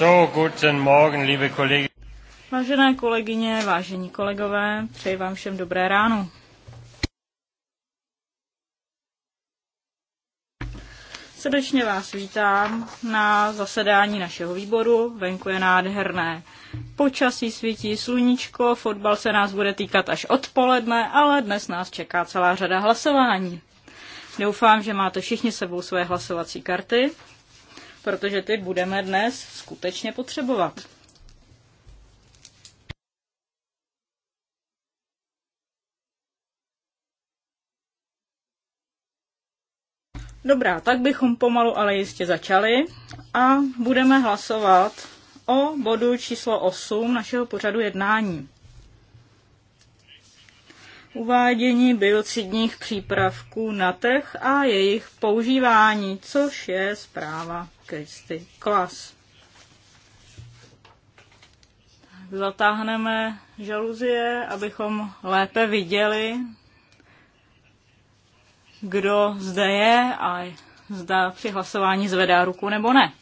So, guten Morgen, liebe Kollegen. Vážené kolegyně, vážení kolegové, přeji vám všem dobré ráno. Srdečně vás vítám na zasedání našeho výboru. Venku je nádherné počasí, svítí sluníčko, fotbal se nás bude týkat až odpoledne, ale dnes nás čeká celá řada hlasování. Doufám, že máte všichni sebou své hlasovací karty protože ty budeme dnes skutečně potřebovat. Dobrá, tak bychom pomalu ale jistě začali a budeme hlasovat o bodu číslo 8 našeho pořadu jednání. Uvádění biocidních přípravků na trh a jejich používání, což je zpráva Kristy Klas. Zatáhneme žaluzie, abychom lépe viděli, kdo zde je a zda při hlasování zvedá ruku nebo ne.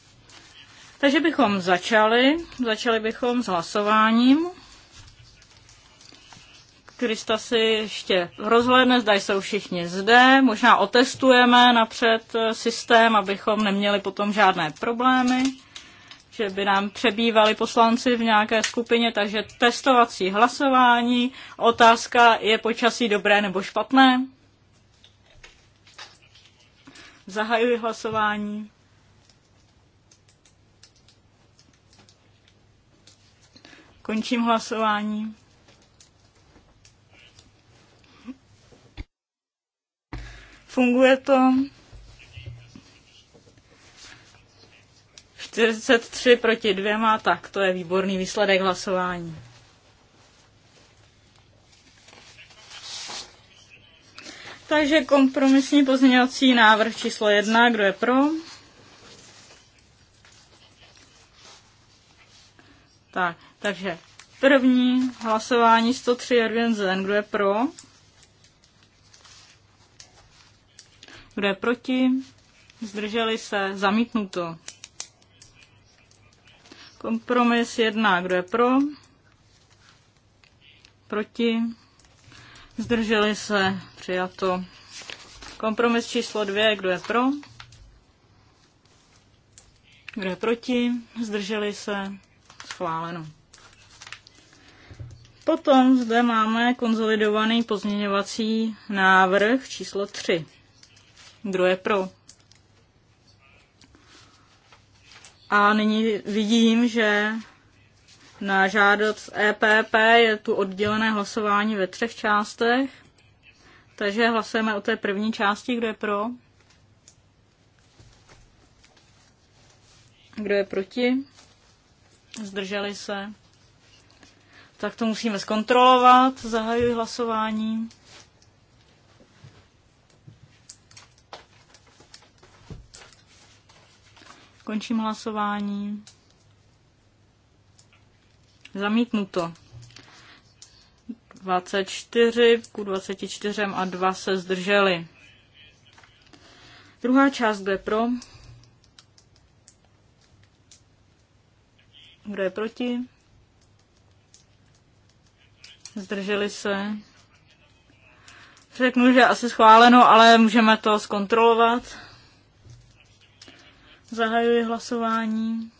Takže bychom začali, začali bychom s hlasováním. Krista si ještě rozhledne, zda jsou všichni zde. Možná otestujeme napřed eh, systém, abychom neměli potom žádné problémy, že by nám přebývali poslanci v nějaké skupině, takže testovací hlasování. Otázka, je počasí dobré nebo špatné? Zahajuji hlasování. Končím hlasování. Funguje to? 43 proti dvěma, tak to je výborný výsledek hlasování. Takže kompromisní pozměňovací návrh číslo jedna kdo je pro? Tak, takže první hlasování 103 Erwin Zen, kdo je pro? Kdo je proti? Zdrželi se? Zamítnuto. Kompromis 1. Kdo je pro? Proti? Zdrželi se? Přijato. Kompromis číslo 2. Kdo je pro? Kdo je proti? Zdrželi se? Schváleno. Potom zde máme konzolidovaný pozměňovací návrh číslo 3. Kdo je pro? A nyní vidím, že na žádost EPP je tu oddělené hlasování ve třech částech. Takže hlasujeme o té první části, kdo je pro. Kdo je proti? Zdrželi se. Tak to musíme zkontrolovat. Zahajuji hlasování. Končím hlasování. Zamítnuto. 24 ku 24 a 2 se zdrželi. Druhá část, kdo pro? Kdo je proti? Zdrželi se. Řeknu, že asi schváleno, ale můžeme to zkontrolovat. Zahajuji hlasování.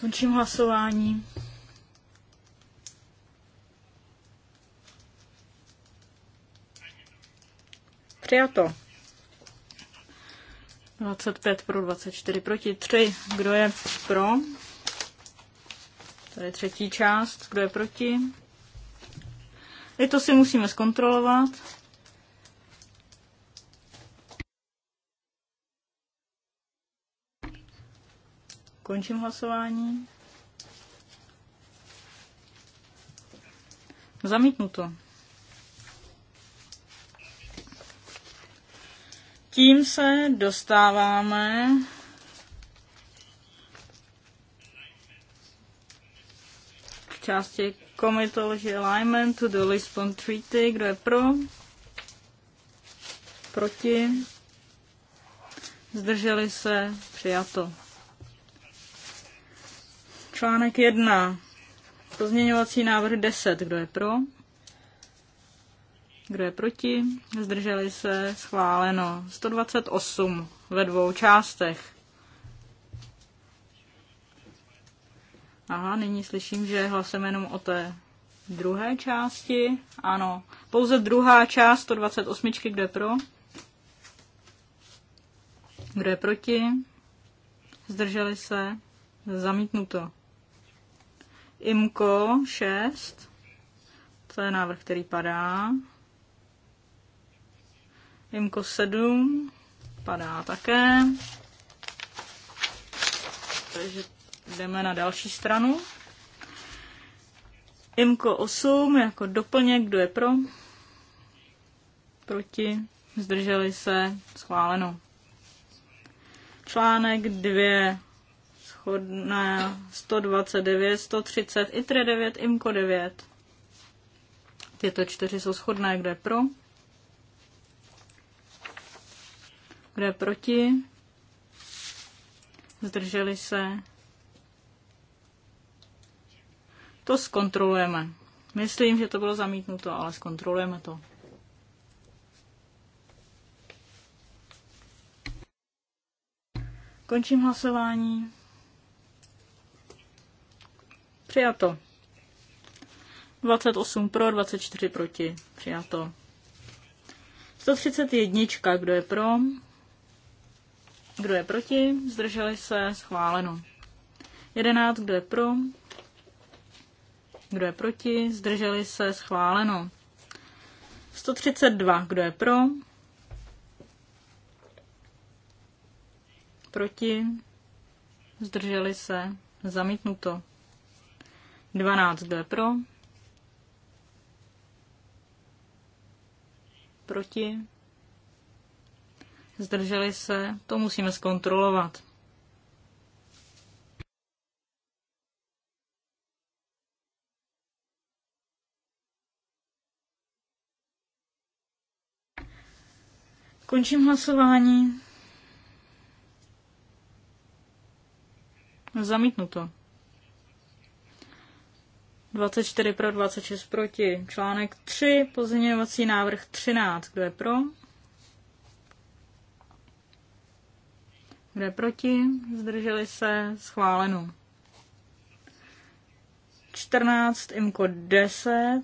Končím hlasování. Přijato. 25 pro 24 proti 3. Kdo je pro? Tady třetí část. Kdo je proti? I to si musíme zkontrolovat. Končím hlasování. Zamítnuto. Tím se dostáváme k části Comitology Alignment to the Lisbon Treaty. Kdo je pro? Proti? Zdrželi se? Přijato. Článek 1. Pozměňovací návrh 10. Kdo je pro? Kdo je proti? Zdrželi se? Schváleno. 128 ve dvou částech. Aha, nyní slyším, že hlasujeme jenom o té druhé části. Ano, pouze druhá část 128, kdo je pro? Kdo je proti? Zdrželi se? Zamítnuto. IMKO 6, to je návrh, který padá. Imko 7 padá také. Takže jdeme na další stranu. Imko 8 jako doplněk, kdo je pro? Proti? Zdrželi se? Schváleno. Článek 2 schodné 129, 130, ITRE 9, IMKO 9. Tyto čtyři jsou schodné, kdo je pro? Kdo je proti? Zdrželi se? To zkontrolujeme. Myslím, že to bylo zamítnuto, ale zkontrolujeme to. Končím hlasování. Přijato. 28 pro, 24 proti. Přijato. 131. Kdo je pro? Kdo je proti? Zdrželi se? Schváleno. 11. Kdo je pro? Kdo je proti? Zdrželi se? Schváleno. 132. Kdo je pro? Proti? Zdrželi se? Zamítnuto. 12. Kdo je pro? Proti? zdrželi se, to musíme zkontrolovat. Končím hlasování. Zamítnuto. 24 pro, 26 proti. Článek 3, pozměňovací návrh 13. Kdo je pro? Kdo je proti? Zdrželi se? Schváleno. 14, IMKO 10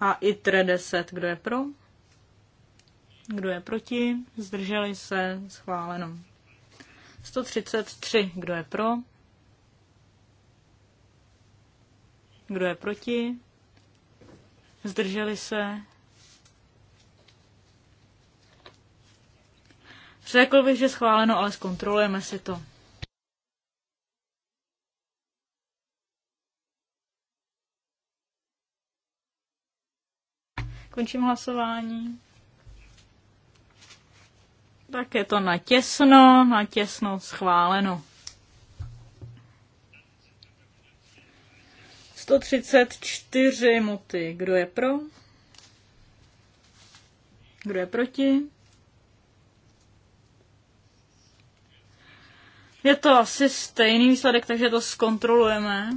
a ITRE 10. Kdo je pro? Kdo je proti? Zdrželi se? Schváleno. 133. Kdo je pro? Kdo je proti? Zdrželi se? Řekl bych, že schváleno, ale zkontrolujeme si to. Končím hlasování. Tak je to natěsno, natěsno schváleno. 134 muty. Kdo je pro? Kdo je proti? Je to asi stejný výsledek, takže to zkontrolujeme.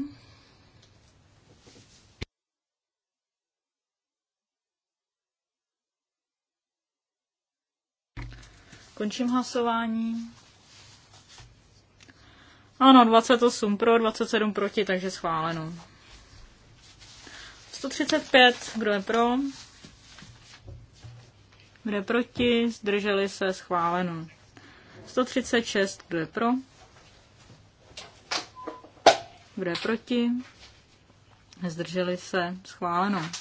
Končím hlasování. Ano, 28 pro, 27 proti, takže schváleno. 135, kdo je pro? Kdo je proti? Zdrželi se, schváleno. 136, kdo je pro? Kdo je proti? Zdrželi se? Schváleno.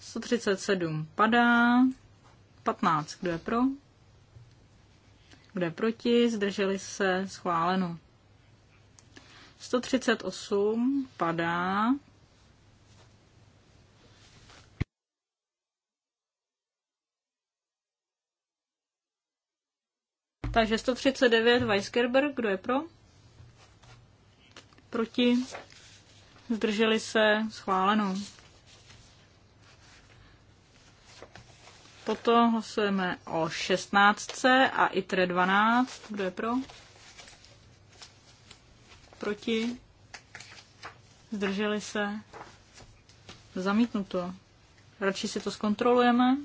137 padá. 15. Kdo je pro? Kdo je proti? Zdrželi se? Schváleno. 138 padá. Takže 139 Weisgerber, kdo je pro? Proti? Zdrželi se schváleno. Potom hlasujeme o 16 a ITRE 12. Kdo je pro? Proti? Zdrželi se? Zamítnuto. Radši si to zkontrolujeme.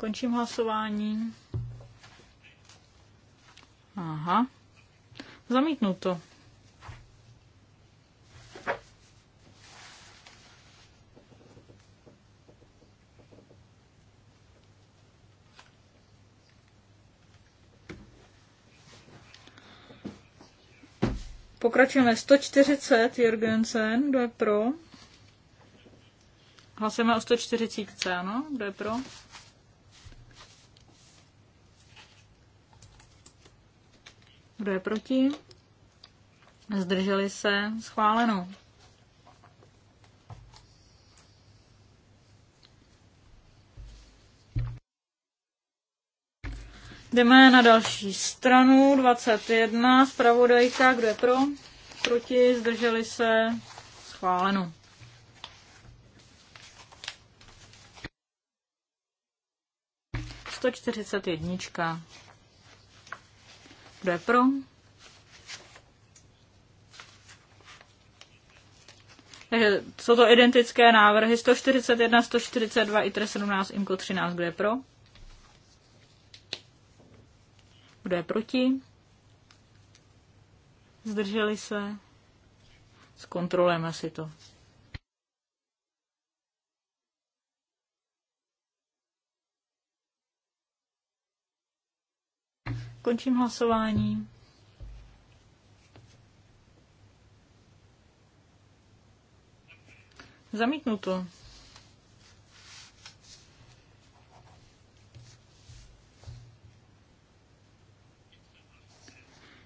Končím hlasování. Aha. Zamítnu to. Pokračujeme 140, Jorgensen, kdo je pro? Hlasujeme o 140, ano, kdo je pro? Kdo je proti? Zdrželi se? Schváleno. Jdeme na další stranu, 21, zpravodajka, kdo je pro? Proti, zdrželi se, schváleno. jednička. Kdo je pro? Takže jsou to identické návrhy 141, 142, ITR 17, IMCO 13. Kdo je pro? Kdo je proti? Zdrželi se? Zkontrolujeme si to. Končím hlasování. Zamítnuto.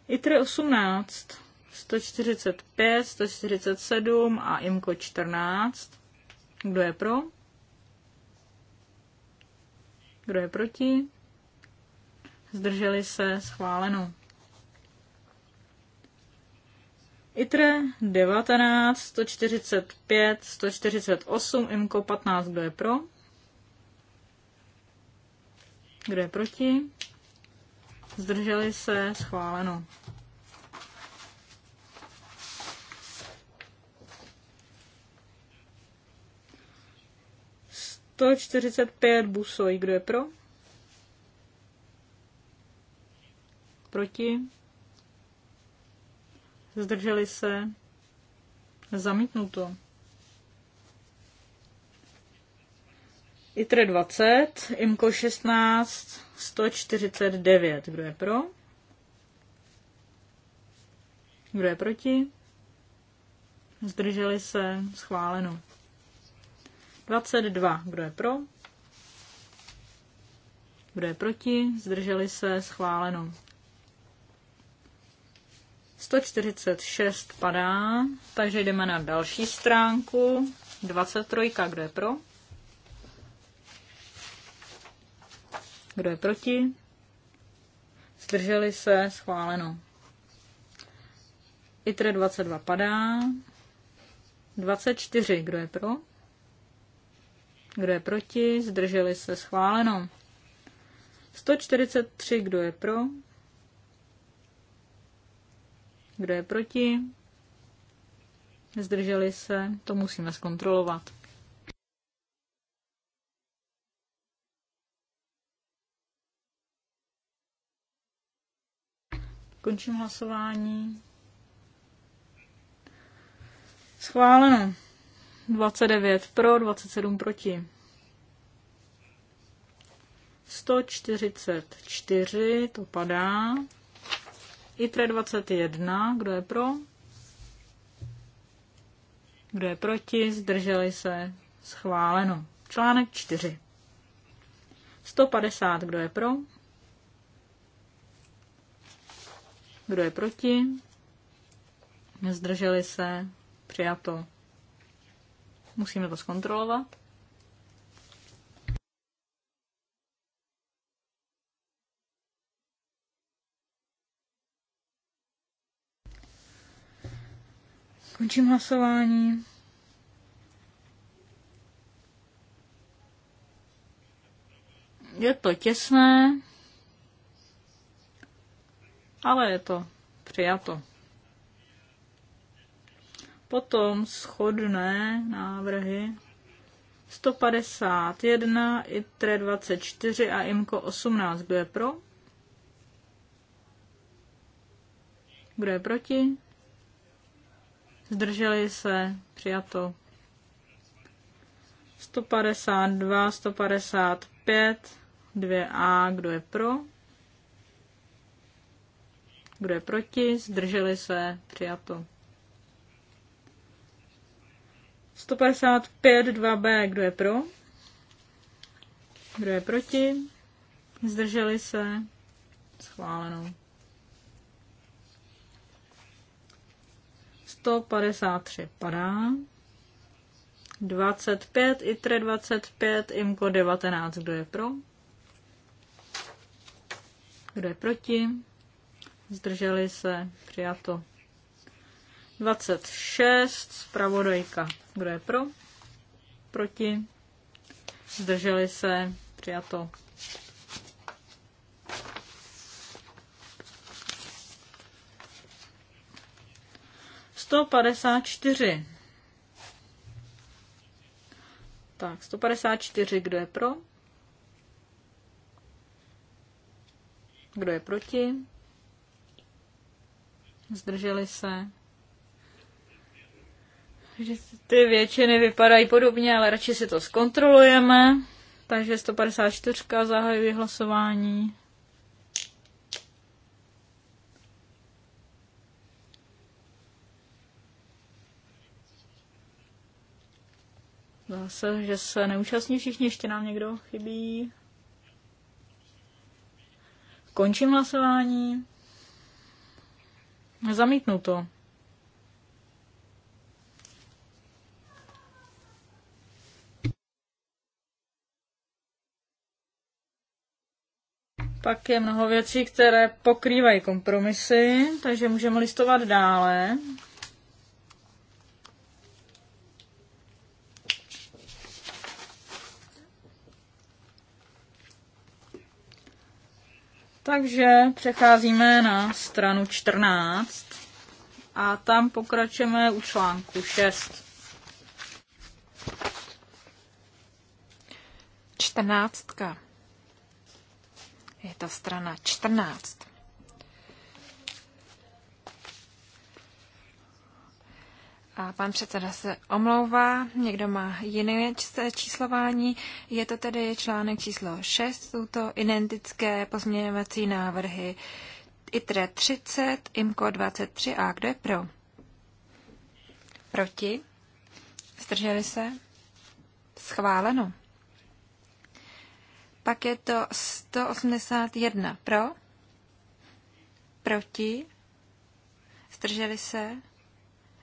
ITRE 18, 145, 147 a IMKO 14. Kdo je pro? Kdo je proti? zdrželi se, schváleno. ITRE 19, 145, 148, IMCO 15, kdo je pro? Kdo je proti? Zdrželi se, schváleno. Sto čtyřicet pět busoj, kdo je pro? Proti? Zdrželi se? Zamítnuto. ITRE 20, IMKO 16, 149. Kdo je pro? Kdo je proti? Zdrželi se? Schváleno. 22. Kdo je pro? Kdo je proti? Zdrželi se? Schváleno. 146 padá, takže jdeme na další stránku. 23, kdo je pro? Kdo je proti? Zdrželi se, schváleno. ITRE 22 padá. 24, kdo je pro? Kdo je proti? Zdrželi se, schváleno. 143, kdo je pro? Kdo je proti? Zdrželi se? To musíme zkontrolovat. Končím hlasování. Schváleno. 29 pro, 27 proti. 144, to padá. ITRE 21, kdo je pro? Kdo je proti? Zdrželi se? Schváleno. Článek 4. 150, kdo je pro? Kdo je proti? Zdrželi se? Přijato. Musíme to zkontrolovat. Končím hlasování. Je to těsné, ale je to přijato. Potom schodné návrhy 151, ITRE 24 a IMKO 18. Kdo je pro? Kdo je proti? zdrželi se, přijato. 152, 155, 2A, kdo je pro, kdo je proti, zdrželi se, přijato. 155, 2B, kdo je pro, kdo je proti, zdrželi se, schváleno. 153 padá. 25, ITRE 25, IMKO 19. Kdo je pro? Kdo je proti? Zdrželi se, přijato. 26, zpravodajka. Kdo je pro? Proti? Zdrželi se, přijato. 154. Tak, 154, kdo je pro? Kdo je proti? Zdrželi se. Že ty většiny vypadají podobně, ale radši si to zkontrolujeme. Takže 154 zahajuji hlasování. se, že se neúčastní všichni, ještě nám někdo chybí. Končím hlasování. Zamítnu to. Pak je mnoho věcí, které pokrývají kompromisy, takže můžeme listovat dále. Takže přecházíme na stranu 14 a tam pokračujeme u článku 6. 14. Je to strana 14. A pan předseda se omlouvá, někdo má jiné číslování. Je to tedy článek číslo 6, jsou to identické pozměňovací návrhy ITRE 30, IMCO 23 a kdo je pro? Proti? Zdrželi se? Schváleno. Pak je to 181 pro, proti, zdrželi se,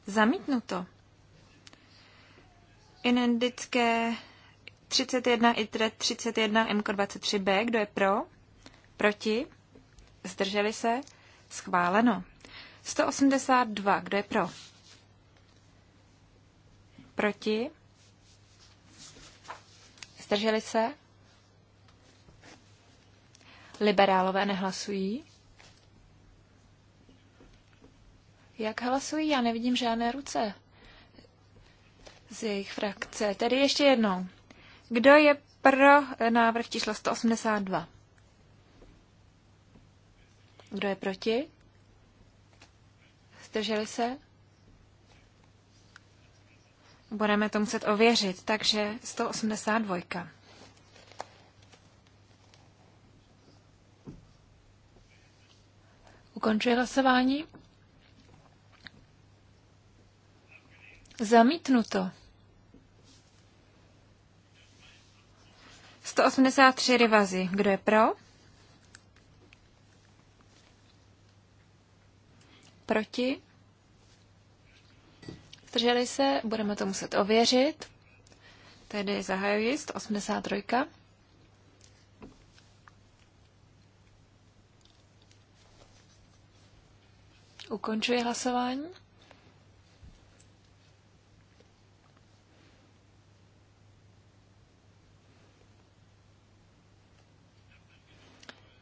Zamítnuto. Inendické 31 ITRE 31 MK 23B. Kdo je pro? Proti? Zdrželi se? Schváleno. 182. Kdo je pro? Proti? Zdrželi se? Liberálové nehlasují. Jak hlasují? Já nevidím žádné ruce z jejich frakce. Tedy ještě jednou. Kdo je pro návrh číslo 182? Kdo je proti? Zdrželi se? Budeme to muset ověřit, takže 182. Ukončuji hlasování. Zamítnuto. 183 rivazy. Kdo je pro? Proti? Zdrželi se, budeme to muset ověřit. Tedy zahajuji 183. Ukončuji hlasování.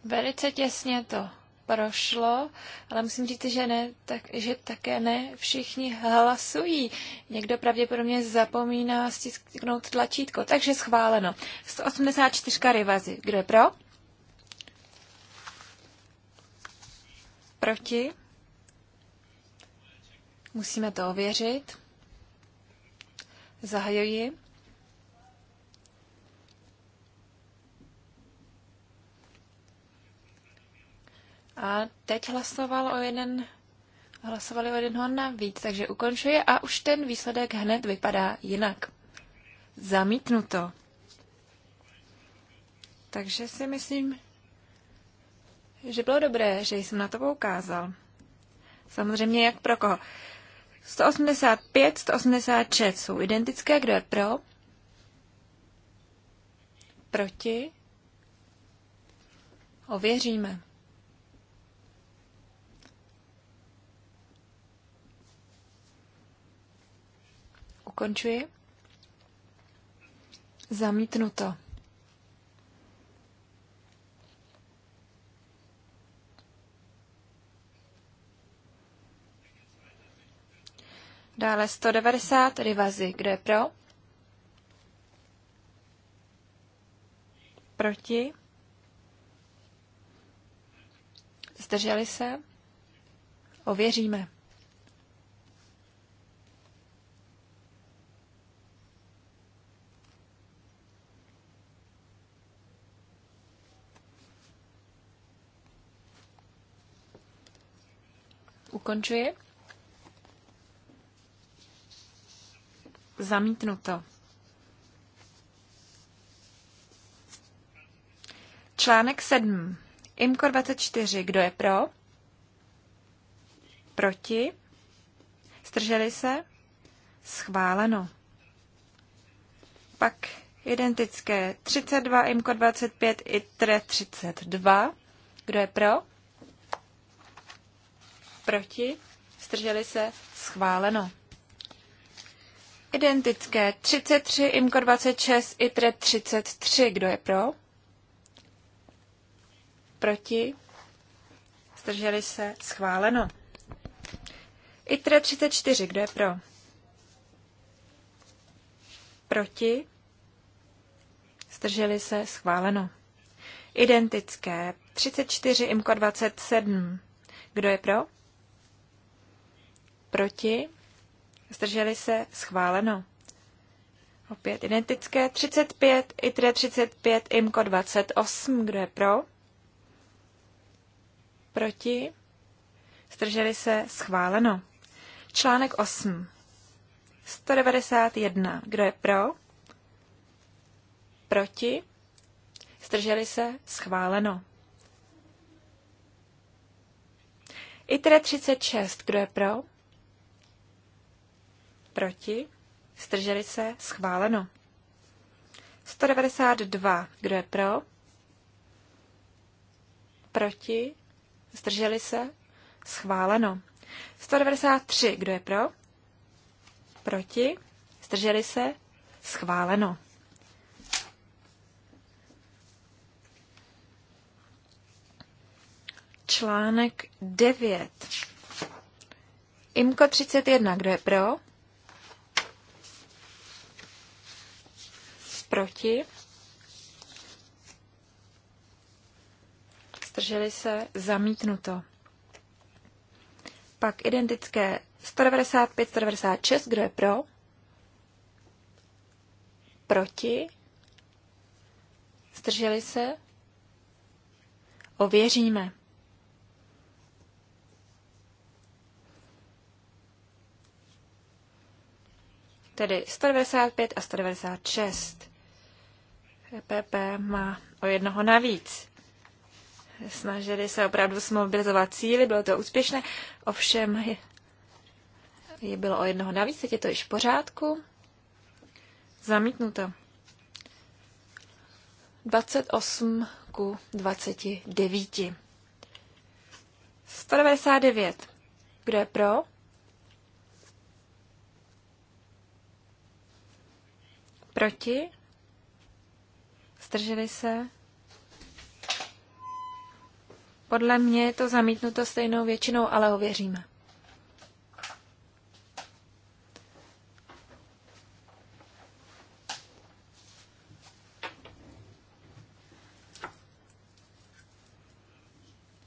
Velice těsně to prošlo, ale musím říct, že, ne, tak, že také ne všichni hlasují. Někdo pravděpodobně zapomíná stisknout tlačítko, takže schváleno. 184 rivazy. Kdo je pro? Proti? Musíme to ověřit. Zahajuji. A teď hlasoval o jeden, hlasovali o jednoho navíc, takže ukončuje a už ten výsledek hned vypadá jinak. Zamítnuto. Takže si myslím, že bylo dobré, že jsem na to poukázal. Samozřejmě jak pro koho. 185, 186 jsou identické. Kdo je pro? Proti? Ověříme. Ukončuji. Zamítnuto. Dále 190 rivazy. Kdo je pro? Proti? Zdrželi se? Ověříme. Ukončuji. Zamítnuto. Článek 7. IMKO 24. Kdo je pro? Proti? Strželi se? Schváleno. Pak identické 32, IMKO 25, ITRE 32. Kdo je pro? proti, zdrželi se, schváleno. Identické 33, IMKO 26, ITRE 33. Kdo je pro? Proti? Zdrželi se? Schváleno. ITRE 34. Kdo je pro? Proti? Zdrželi se? Schváleno. Identické 34, IMKO 27. Kdo je pro? proti, zdrželi se, schváleno. Opět identické, 35, i 35, IMKO 28, kdo je pro, proti, zdrželi se, schváleno. Článek 8, 191, kdo je pro, proti, zdrželi se, schváleno. ITRE 36, kdo je pro? Proti? Zdrželi se? Schváleno. 192. Kdo je pro? Proti? Zdrželi se? Schváleno. 193. Kdo je pro? Proti? Zdrželi se? Schváleno. Článek 9. Imko 31. Kdo je pro? proti, zdrželi se, zamítnuto. Pak identické 195, 196, kdo je pro, proti, zdrželi se, ověříme. tedy 195 a 196. EPP má o jednoho navíc. Snažili se opravdu smobilizovat cíly, bylo to úspěšné, ovšem je, je bylo o jednoho navíc, teď je to již v pořádku. Zamítnuto. 28 ku 29. 199. Kdo je pro? Proti? Zdrželi se? Podle mě je to zamítnuto stejnou většinou, ale ověříme.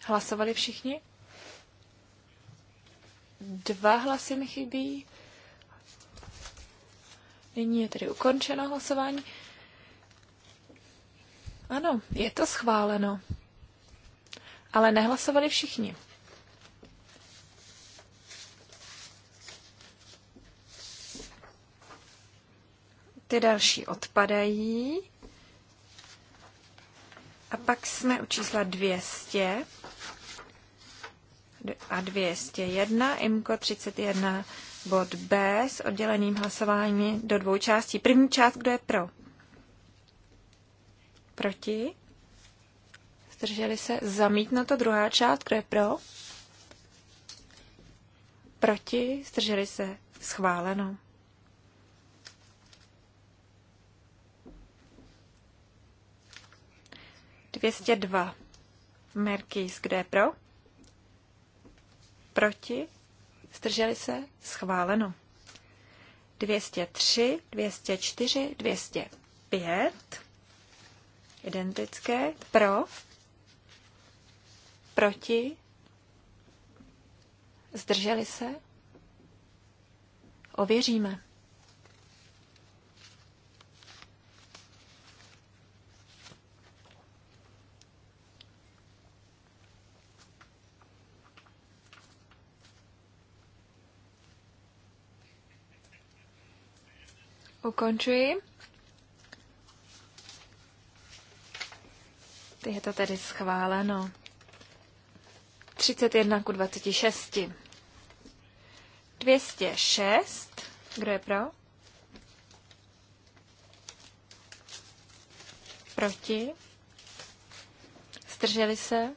Hlasovali všichni? Dva hlasy mi chybí. Nyní je tedy ukončeno hlasování. Ano, je to schváleno. Ale nehlasovali všichni. Ty další odpadají. A pak jsme u čísla 200 a 201, IMCO 31, bod B s odděleným hlasováním do dvou částí. První část, kdo je pro? Proti? Zdrželi se? to Druhá část. Kdo je pro? Proti? Zdrželi se? Schváleno. Dvěstě dva. Merkis, kde je pro? Proti? Zdrželi se? Schváleno. 203, 204, 205 identické. Pro, proti, zdrželi se, ověříme. Ukončuji. Je to tedy schváleno. 31 ku 26. 206. Kdo je pro? Proti? Zdrželi se?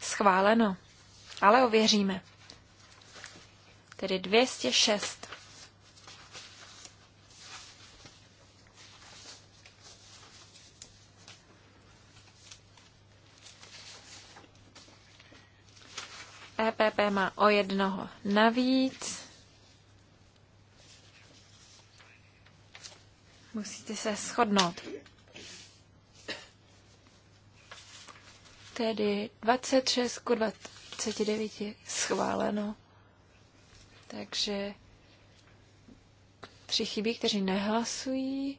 Schváleno. Ale ověříme. Tedy 206. EPP má o jednoho navíc. Musíte se shodnout. Tedy 26 ku 29 schváleno. Takže tři chybí, kteří nehlasují,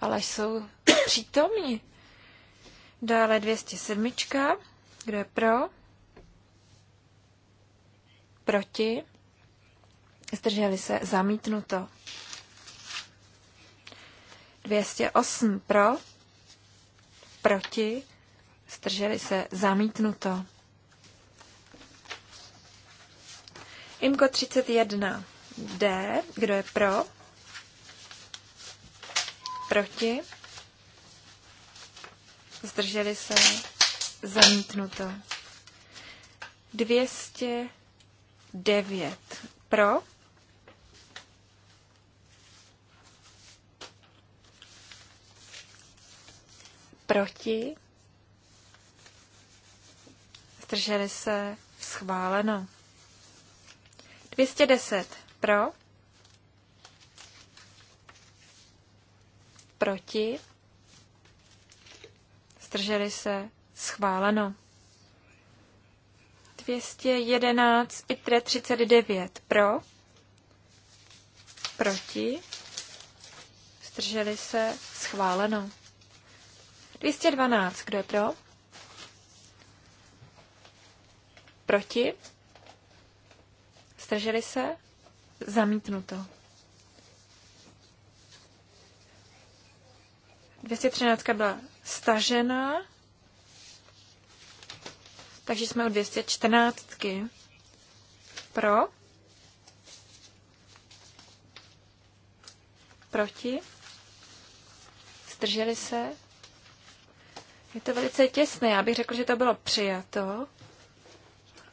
ale jsou přítomní. Dále 207. Kdo je pro? Proti? Zdrželi se zamítnuto. 208 pro, proti, zdrželi se zamítnuto. Imko 31 D, kdo je pro, proti, zdrželi se zamítnuto. 200 9 pro, proti, zdrželi se, schváleno. 210 pro, proti, zdrželi se, schváleno. 211, i 39 pro, proti, zdrželi se, schváleno. 212, kdo je pro? Proti, zdrželi se, zamítnuto. 213 byla stažena? Takže jsme u 214. Pro. Proti. Zdrželi se. Je to velice těsné. Já bych řekl, že to bylo přijato,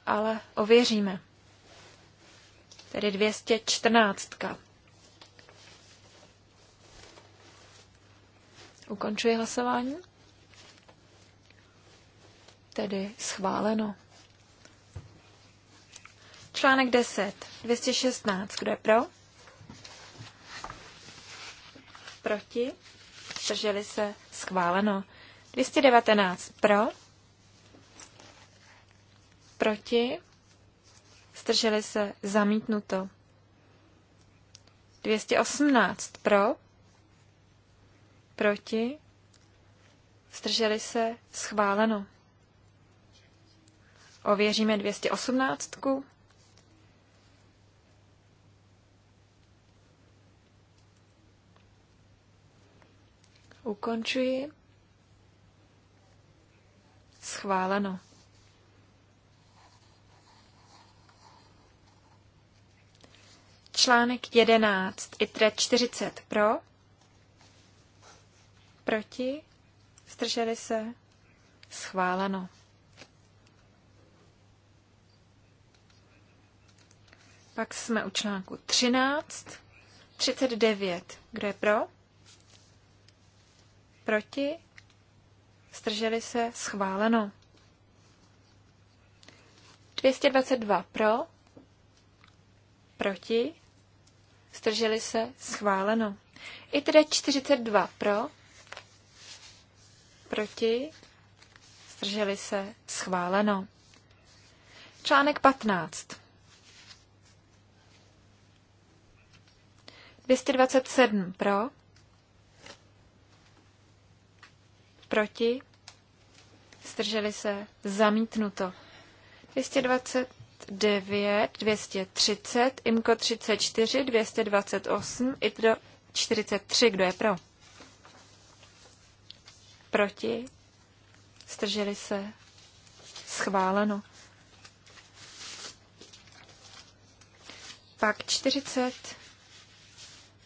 ale ověříme. Tedy 214. Ukončuji hlasování tedy schváleno. Článek 10, 216, kdo je pro? Proti? Zdrželi se? Schváleno. 219 pro? Proti? Zdrželi se? Zamítnuto. 218 pro? Proti? Zdrželi se? Schváleno. Ověříme 218. Ukončuji. Schváleno. Článek 11, ITRE 40 pro, proti, zdrželi se, schváleno. Pak jsme u článku 13. 39. Kdo je pro? Proti? Strželi se? Schváleno. 222 pro? Proti? Strželi se? Schváleno. I tedy 42 pro? Proti? Strželi se? Schváleno. Článek 15. 227 pro, proti, zdrželi se, zamítnuto. 229, 230, IMKO 34, 228, ITRO 43, kdo je pro? Proti, zdrželi se, schváleno. Pak 40,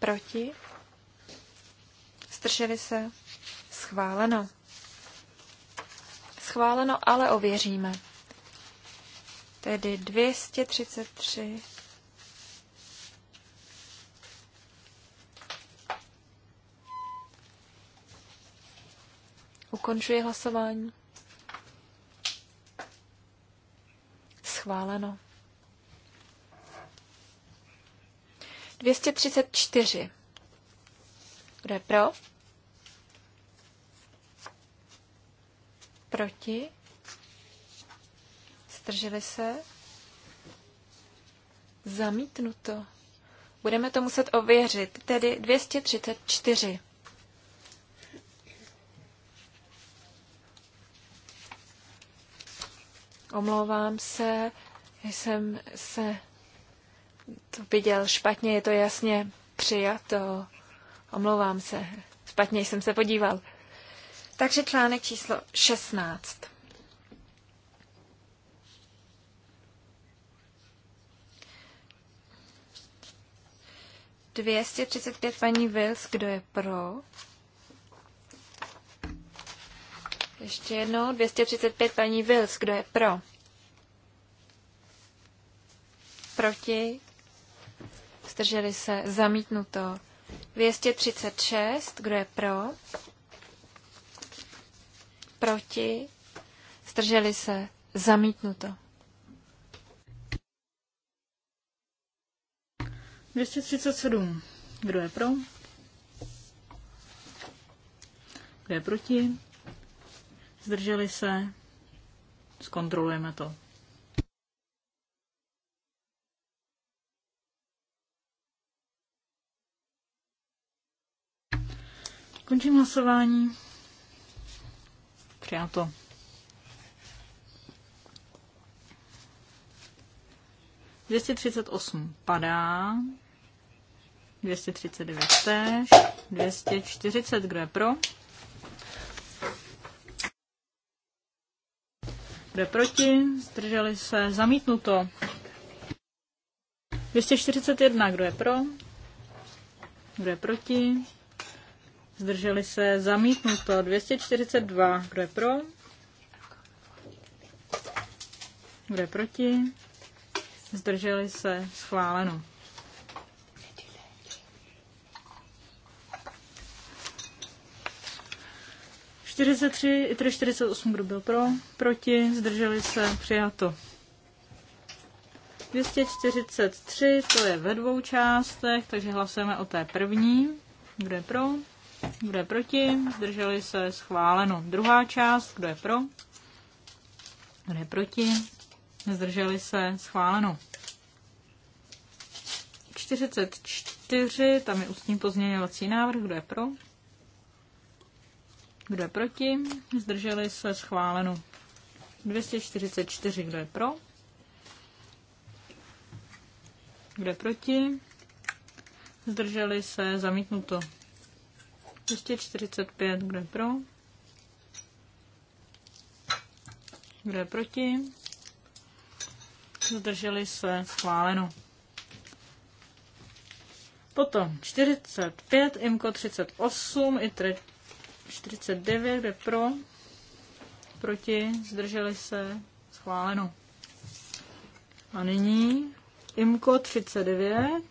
Proti? strželi se? Schváleno. Schváleno, ale ověříme. Tedy 233. Ukončuji hlasování. Schváleno. 234. Kdo je pro? Proti? Zdrželi se? Zamítnuto. Budeme to muset ověřit, tedy 234. Omlouvám se, jsem se to viděl špatně, je to jasně přijato. Omlouvám se, špatně jsem se podíval. Takže článek číslo 16. Dvěstě třicet pět paní Wills, kdo je pro? Ještě jednou, pět paní Wills, kdo je pro? Proti? Zdrželi se. Zamítnuto. 236. Kdo je pro? Proti? Zdrželi se. Zamítnuto. 237. Kdo je pro? Kdo je proti? Zdrželi se? Zkontrolujeme to. Končím hlasování. Přijato. Dvěstě třicet osm padá. 239 též, 240, kdo je pro? Kdo je proti? Zdrželi se, zamítnuto. 241, kdo je pro? Kdo je proti? Zdrželi se zamítnuto 242. Kdo je pro? Kdo je proti? Zdrželi se schváleno. i 348 48, kdo byl pro, proti, zdrželi se, přijato. 243, to je ve dvou částech, takže hlasujeme o té první. Kdo je pro? Kdo je proti? Zdrželi se schváleno. Druhá část. Kdo je pro? Kdo je proti? Zdrželi se schváleno. 44, tam je ústní pozměňovací návrh. Kdo je pro? Kdo je proti? Zdrželi se schváleno. 244, kdo je pro? Kdo je proti? Zdrželi se zamítnuto. 245, kdo je pro? Kdo je proti? Zdrželi se schváleno. Potom 45, IMKO 38, i 49, je pro, proti, zdrželi se, schváleno. A nyní IMKO 39,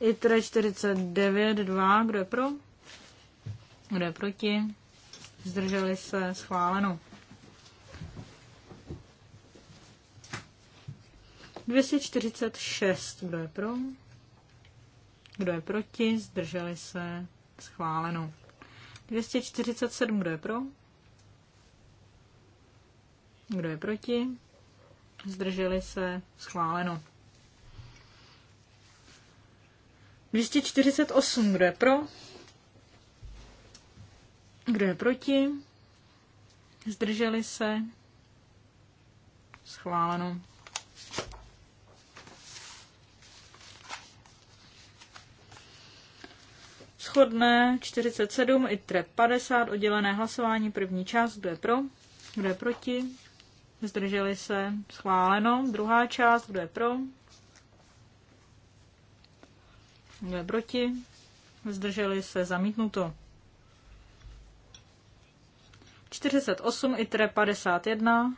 ITRE 49, 2, kdo je pro, kdo je proti? Zdrželi se schváleno. 246. Kdo je pro? Kdo je proti? Zdrželi se schváleno. 247. Kdo je pro? Kdo je proti? Zdrželi se schváleno. 248. Kdo je pro? Kdo je proti? Zdrželi se? Schváleno. Schodné 47 i tre 50 oddělené hlasování první část. Kdo je pro? Kdo je proti? Zdrželi se? Schváleno. Druhá část. Kdo je pro? Kdo je proti? Zdrželi se? Zamítnuto. 48, ITRE 51.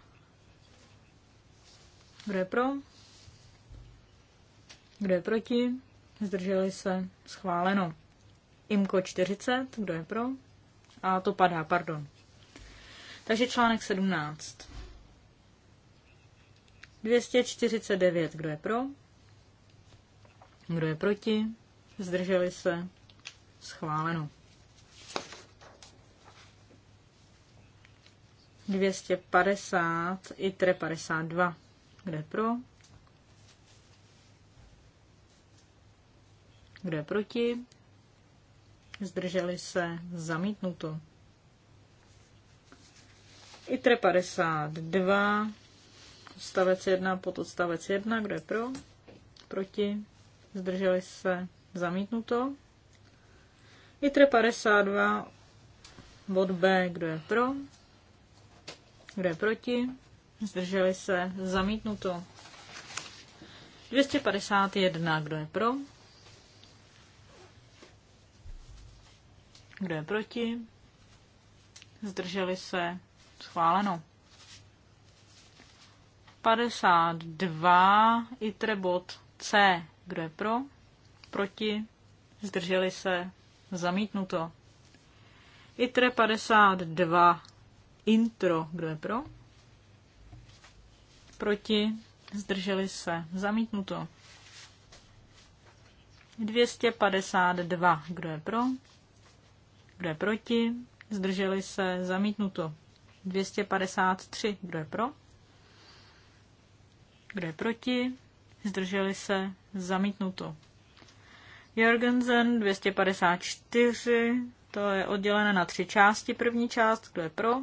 Kdo je pro? Kdo je proti? Zdrželi se. Schváleno. IMKO 40. Kdo je pro? A to padá, pardon. Takže článek 17. 249. Kdo je pro? Kdo je proti? Zdrželi se. Schváleno. 250 i tre 352. Kde pro? Kde proti? Zdrželi se zamítnuto. I tre 52, odstavec 1, pod odstavec 1, kdo je pro? Proti? Zdrželi se? Zamítnuto. ITRE 52, bod B, kdo je pro? Kdo je proti? Zdrželi se. Zamítnuto. 251. Kdo je pro? Kdo je proti? Zdrželi se. Schváleno. 52. ITRE bod C. Kdo je pro? Proti? Zdrželi se. Zamítnuto. ITRE 52 intro. Kdo je pro? Proti? Zdrželi se. Zamítnuto. 252. Kdo je pro? Kdo je proti? Zdrželi se. Zamítnuto. 253. Kdo je pro? Kdo je proti? Zdrželi se. Zamítnuto. Jorgensen 254. To je oddělené na tři části. První část, kdo je pro?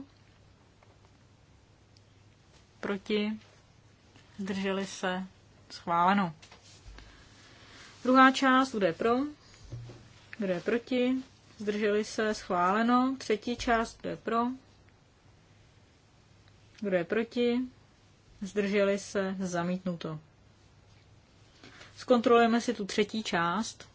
proti, zdrželi se, schváleno. Druhá část, kdo je pro, kdo je proti, zdrželi se, schváleno. Třetí část, kdo je pro, kdo je proti, zdrželi se, zamítnuto. Zkontrolujeme si tu třetí část.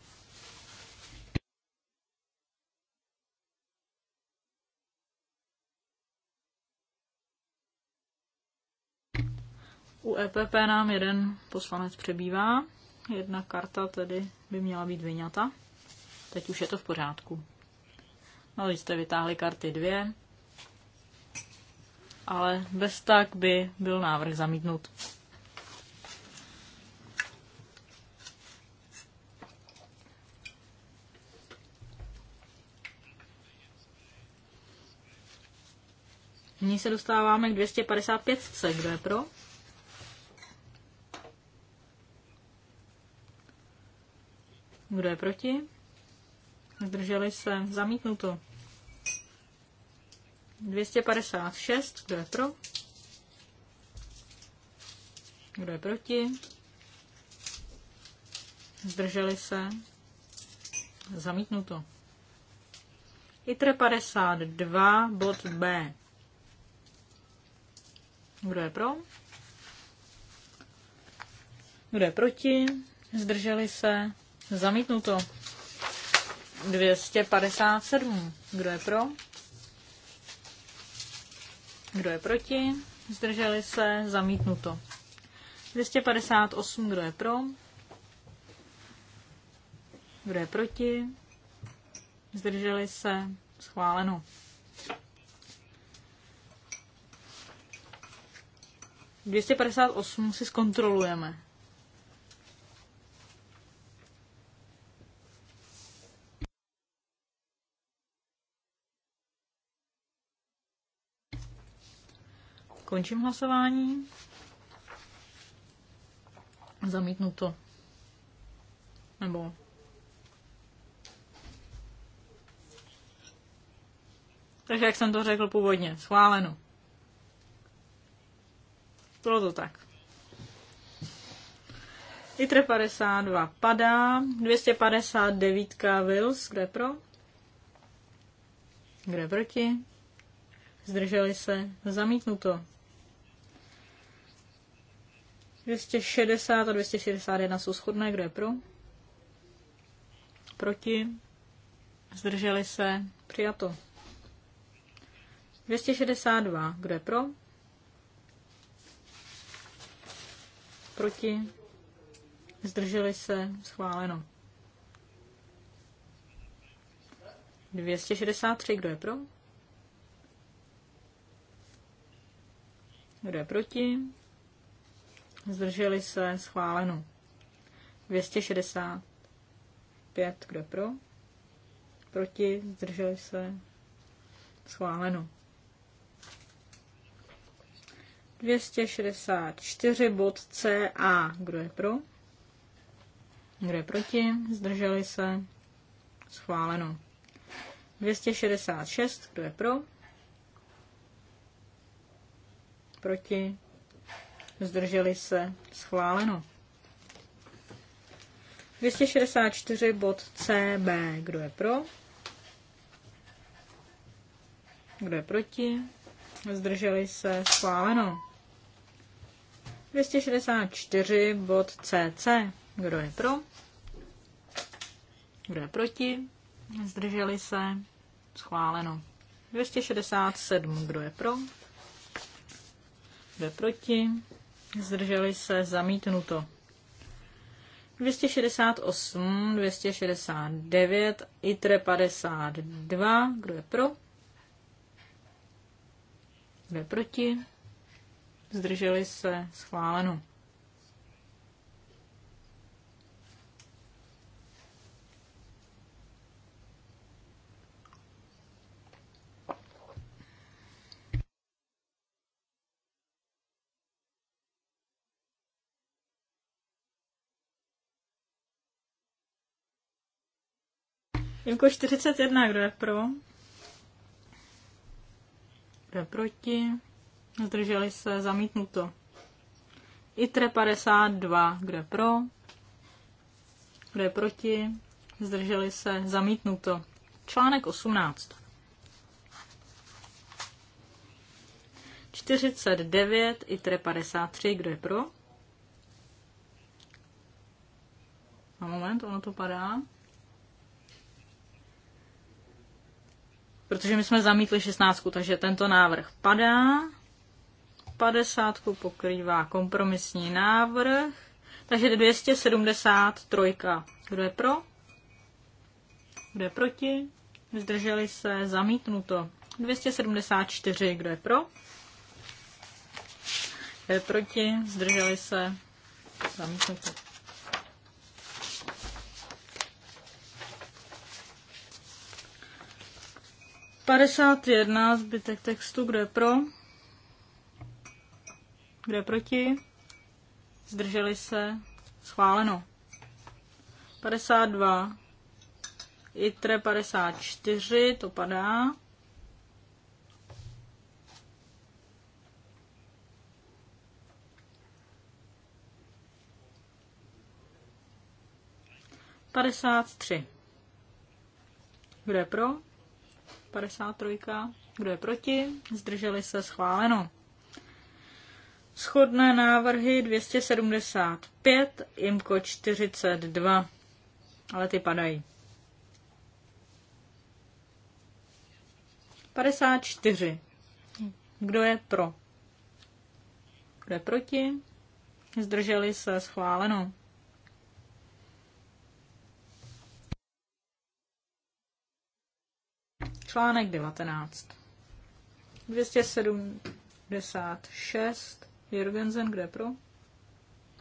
EPP nám jeden poslanec přebývá. Jedna karta tedy by měla být vyňata. Teď už je to v pořádku. No, teď jste vytáhli karty dvě, ale bez tak by byl návrh zamítnut. Nyní se dostáváme k 255, kdo je pro? Kdo je proti? Zdrželi se. Zamítnuto. 256. Kdo je pro? Kdo je proti? Zdrželi se. Zamítnuto. ITR 52, bod B. Kdo je pro? Kdo je proti? Zdrželi se? Zamítnuto. 257. Kdo je pro? Kdo je proti? Zdrželi se? Zamítnuto. 258. Kdo je pro? Kdo je proti? Zdrželi se? Schváleno. Dvěstě padesát osm si zkontrolujeme. Končím hlasování. Zamítnu to. Nebo Takže jak jsem to řekl původně, schváleno. Bylo to tak. ITR 52 padá, 259 Wills, kde pro? Kde proti? Zdrželi se, zamítnuto. 260 a 261 jsou shodné. Kdo je pro? Proti? Zdrželi se? Přijato. 262. Kdo je pro? Proti? Zdrželi se? Schváleno. 263. Kdo je pro? Kdo je proti? Zdrželi se schváleno. 265, kdo pro? Proti, zdrželi se schváleno. 264 bod C a kdo je pro? Kdo je proti? Zdrželi se? Schváleno. 266, kdo je pro? Proti? zdrželi se, schváleno. 264 bod CB, kdo je pro? Kdo je proti? Zdrželi se, schváleno. 264 bod CC, kdo je pro? Kdo je proti? Zdrželi se, schváleno. 267, kdo je pro? Kdo je proti? zdrželi se, zamítnuto. 268, 269, ITRE 52, kdo je pro? Kdo je proti? Zdrželi se, schváleno. Jako 41, kdo je pro? Kdo je proti? Zdrželi se, zamítnuto. ITRE 52, kdo je pro? Kdo je proti? Zdrželi se, zamítnuto. Článek 18. 49, ITRE 53, kdo je pro? Na moment, ono to padá. protože my jsme zamítli 16, takže tento návrh padá. 50 pokrývá kompromisní návrh, takže 273. Kdo je pro? Kdo je proti? Zdrželi se, zamítnuto. 274, kdo je pro? Kdo je proti? Zdrželi se, zamítnuto. 51, zbytek textu, kdo je pro? Kdo je proti? Zdrželi se? Schváleno. 52. ITRE 54, to padá. Padesát tři. Kdo je pro? 53. Kdo je proti? Zdrželi se schváleno. Schodné návrhy 275, IMKO 42. Ale ty padají. 54. Kdo je pro? Kdo je proti? Zdrželi se schváleno. Článek 19. 276. Jürgensen, kde pro?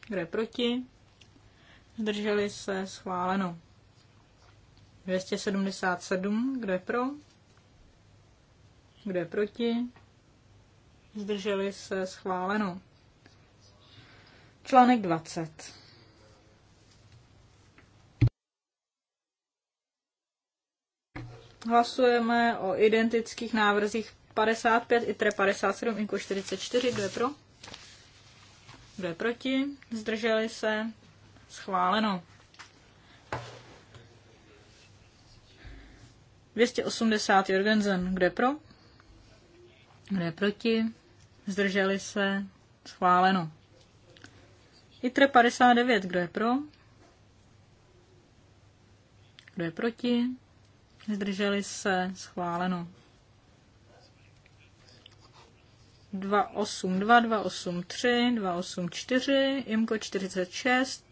Kde proti? Zdrželi se schváleno. 277. Kde pro? Kde proti? Zdrželi se schváleno. Článek 20. Hlasujeme o identických návrzích 55, ITRE 57, INKO 44. Kdo je pro? Kdo je proti? Zdrželi se? Schváleno. 280 Jorgensen. Kdo je pro? Kdo je proti? Zdrželi se? Schváleno. ITRE 59. Kdo je pro? Kdo je proti? Zdrželi se schváleno. 282, 283, 284, IMKO 46.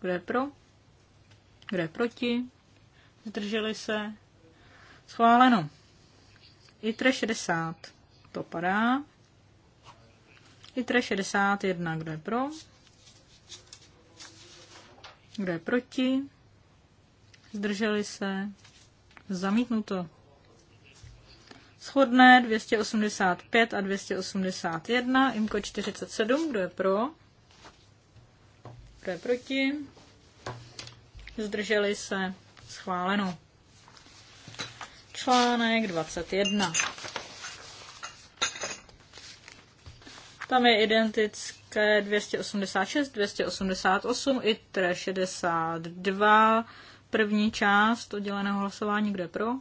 Kdo je pro? Kdo je proti? Zdrželi se? Schváleno. ITRE 60. To padá. ITRE 61. Kdo je pro? Kdo je proti? Zdrželi se? Zamítnuto. Schodné 285 a 281, IMKO 47, kdo je pro? Kdo je proti? Zdrželi se. Schváleno. Článek 21. Tam je identické 286, 288, i 362. První část odděleného hlasování, kde pro,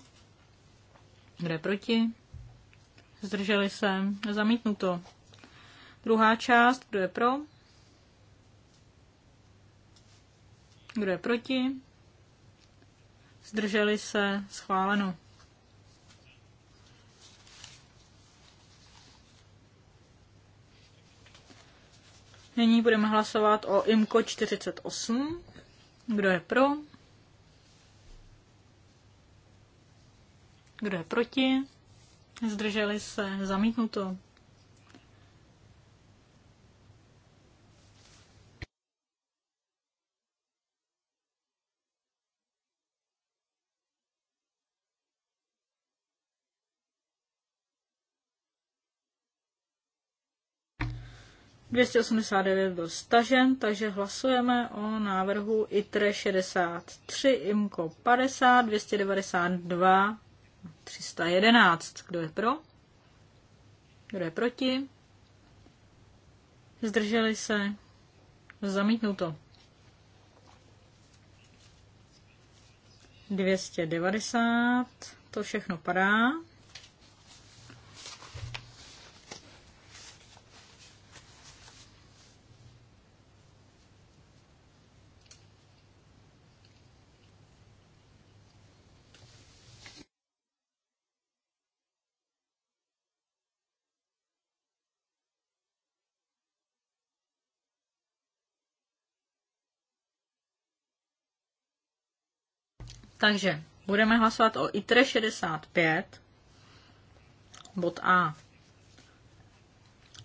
kde proti. Zdrželi se, zamítnuto. Druhá část, kdo je pro, kdo je proti. Zdrželi se, schváleno. Nyní budeme hlasovat o IMCO 48. Kdo je pro? Kdo je proti? Zdrželi se. Zamítnuto. Dvěstě byl stažen, takže hlasujeme o návrhu ITRE 63, IMCO 50, 292 311. Kdo je pro? Kdo je proti? Zdrželi se? Zamítnuto. 290. To všechno padá. Takže budeme hlasovat o ITRE 65, bod A.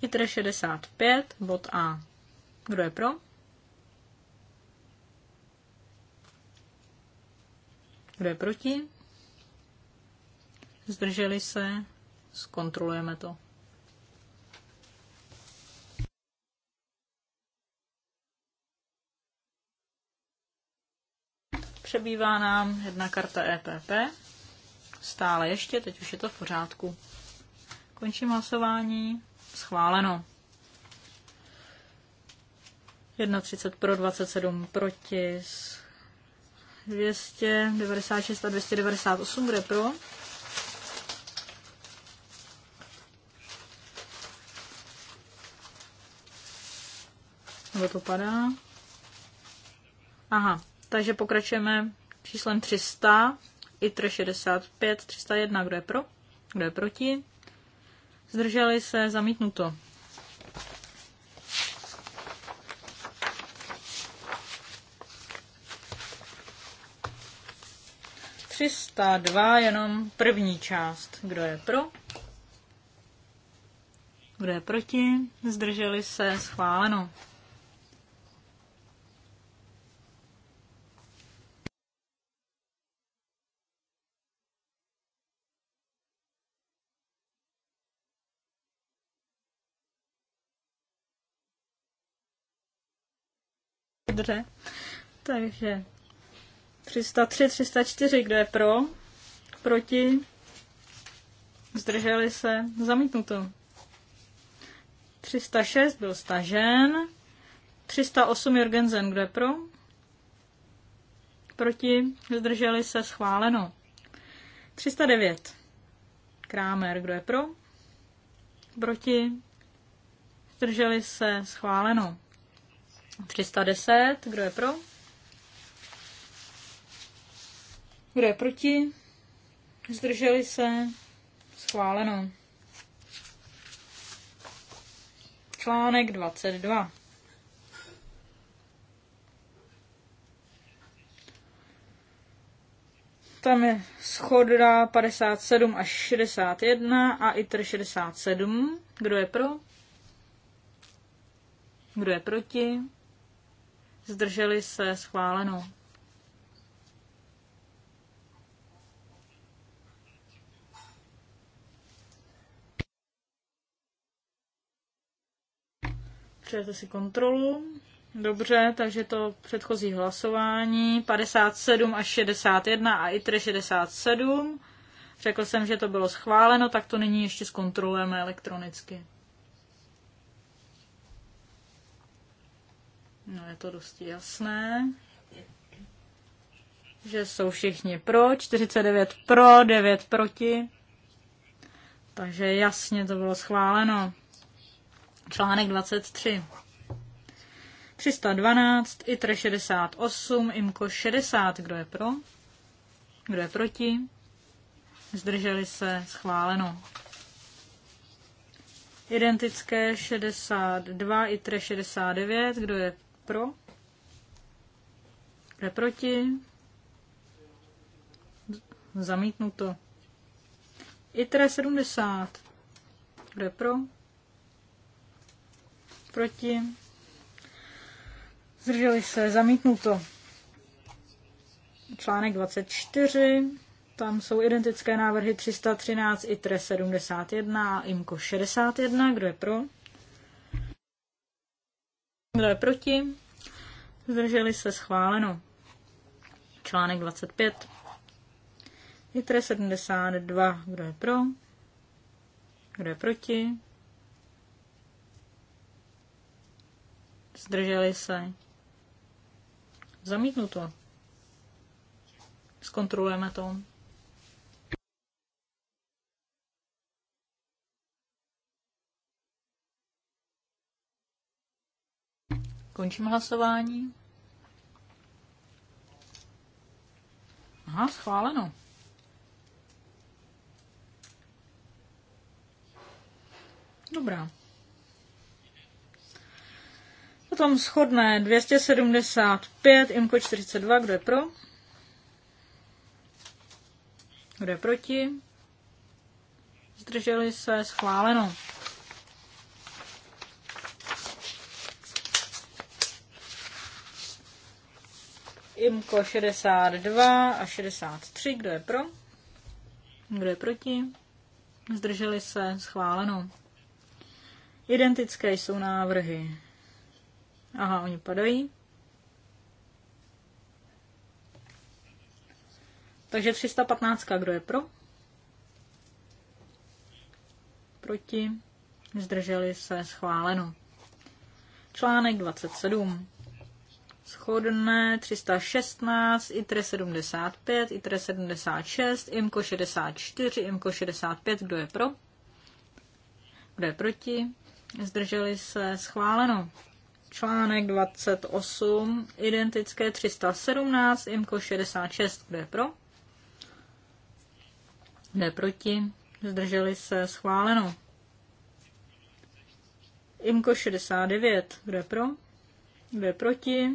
ITRE 65, bod A. Kdo je pro? Kdo je proti? Zdrželi se? Zkontrolujeme to. Přebývá nám jedna karta EPP. Stále ještě, teď už je to v pořádku. Končím hlasování. Schváleno. 31 pro, 27 proti. 296 a 298 kde pro. Nebo to padá? Aha, takže pokračujeme číslem 300, i 65, 301, kdo je pro, kdo je proti. Zdrželi se, zamítnuto. Třista dva, jenom první část. Kdo je pro? Kdo je proti? Zdrželi se, schváleno. dobře. Takže 303, 304, kdo je pro, proti, zdrželi se, zamítnuto. 306 byl stažen, 308 Jorgensen, kdo je pro, proti, zdrželi se, schváleno. 309 Krámer, kdo je pro, proti, zdrželi se, schváleno. 310, kdo je pro? Kdo je proti? Zdrželi se? Schváleno. Článek 22. Tam je schoda 57 až 61 a ITR 67. Kdo je pro? Kdo je proti? zdrželi se schváleno. Přejete si kontrolu. Dobře, takže to předchozí hlasování 57 až 61 a ITRE 67. Řekl jsem, že to bylo schváleno, tak to nyní ještě zkontrolujeme elektronicky. No, je to dosti jasné, že jsou všichni pro, 49 pro, 9 proti. Takže jasně to bylo schváleno. Článek 23. 312, ITRE 68, IMKO 60. Kdo je pro? Kdo je proti? Zdrželi se schváleno. Identické 62, ITRE 69. Kdo je pro? Kdo je proti? Zamítnuto. ITRE 70. Kdo je pro? Proti? Zdrželi se. Zamítnuto. Článek 24. Tam jsou identické návrhy 313, ITRE 71 a IMKO 61. Kdo je pro? Kdo je proti? Zdrželi se schváleno. Článek 25. Jitre 72. Kdo je pro? Kdo je proti? Zdrželi se. Zamítnuto. Zkontrolujeme to. Končím hlasování. Aha, schváleno. Dobrá. Potom schodné 275, IMKO 42, kdo je pro? Kdo je proti? Zdrželi se, schváleno. IMKO 62 a 63. Kdo je pro? Kdo je proti? Zdrželi se? Schváleno. Identické jsou návrhy. Aha, oni padají. Takže 315, kdo je pro? Proti? Zdrželi se? Schváleno. Článek 27 schodné 316, i 75, i 76, IMKO 64, IMKO 65. Kdo je pro? Kdo je proti? Zdrželi se schváleno. Článek 28, identické 317, IMKO 66. Kdo je pro? Kdo je proti? Zdrželi se schváleno. IMKO 69. Kdo je pro? Kdo je proti?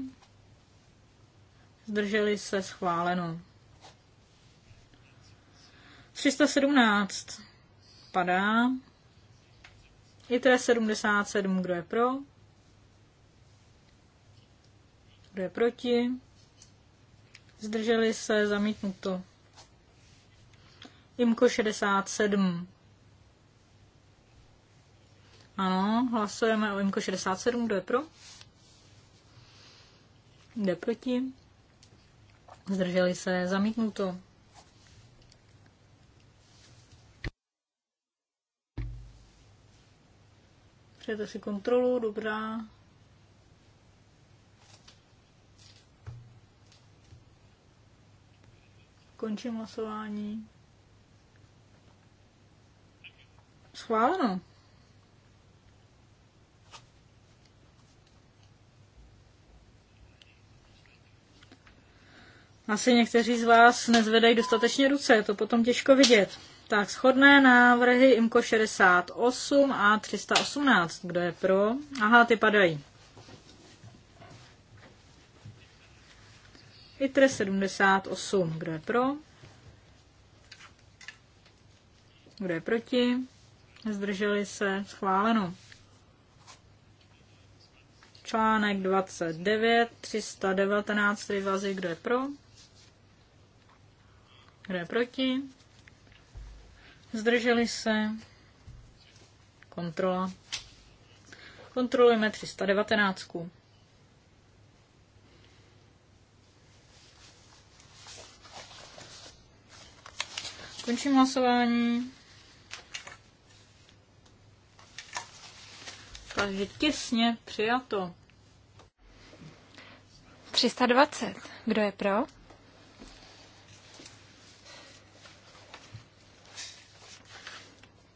zdrželi se schváleno. 317 padá. I to je 77, kdo je pro? Kdo je proti? Zdrželi se, zamítnuto. Imko 67. Ano, hlasujeme o Imko 67, kdo je pro? Kdo je proti? Zdrželi se zamítnuto. Přejete si kontrolu, dobrá. Končím hlasování. Schváleno. Asi někteří z vás nezvedají dostatečně ruce, je to potom těžko vidět. Tak shodné návrhy IMKO 68 a 318. Kdo je pro? Aha, ty padají. ITRE 78. Kdo je pro? Kdo je proti? Zdrželi se? Schváleno. Článek 29, 319 vazy. Kdo je pro? Kdo je proti? Zdrželi se? Kontrola. Kontrolujeme 319. Končím hlasování. Takže těsně přijato. 320. Kdo je pro?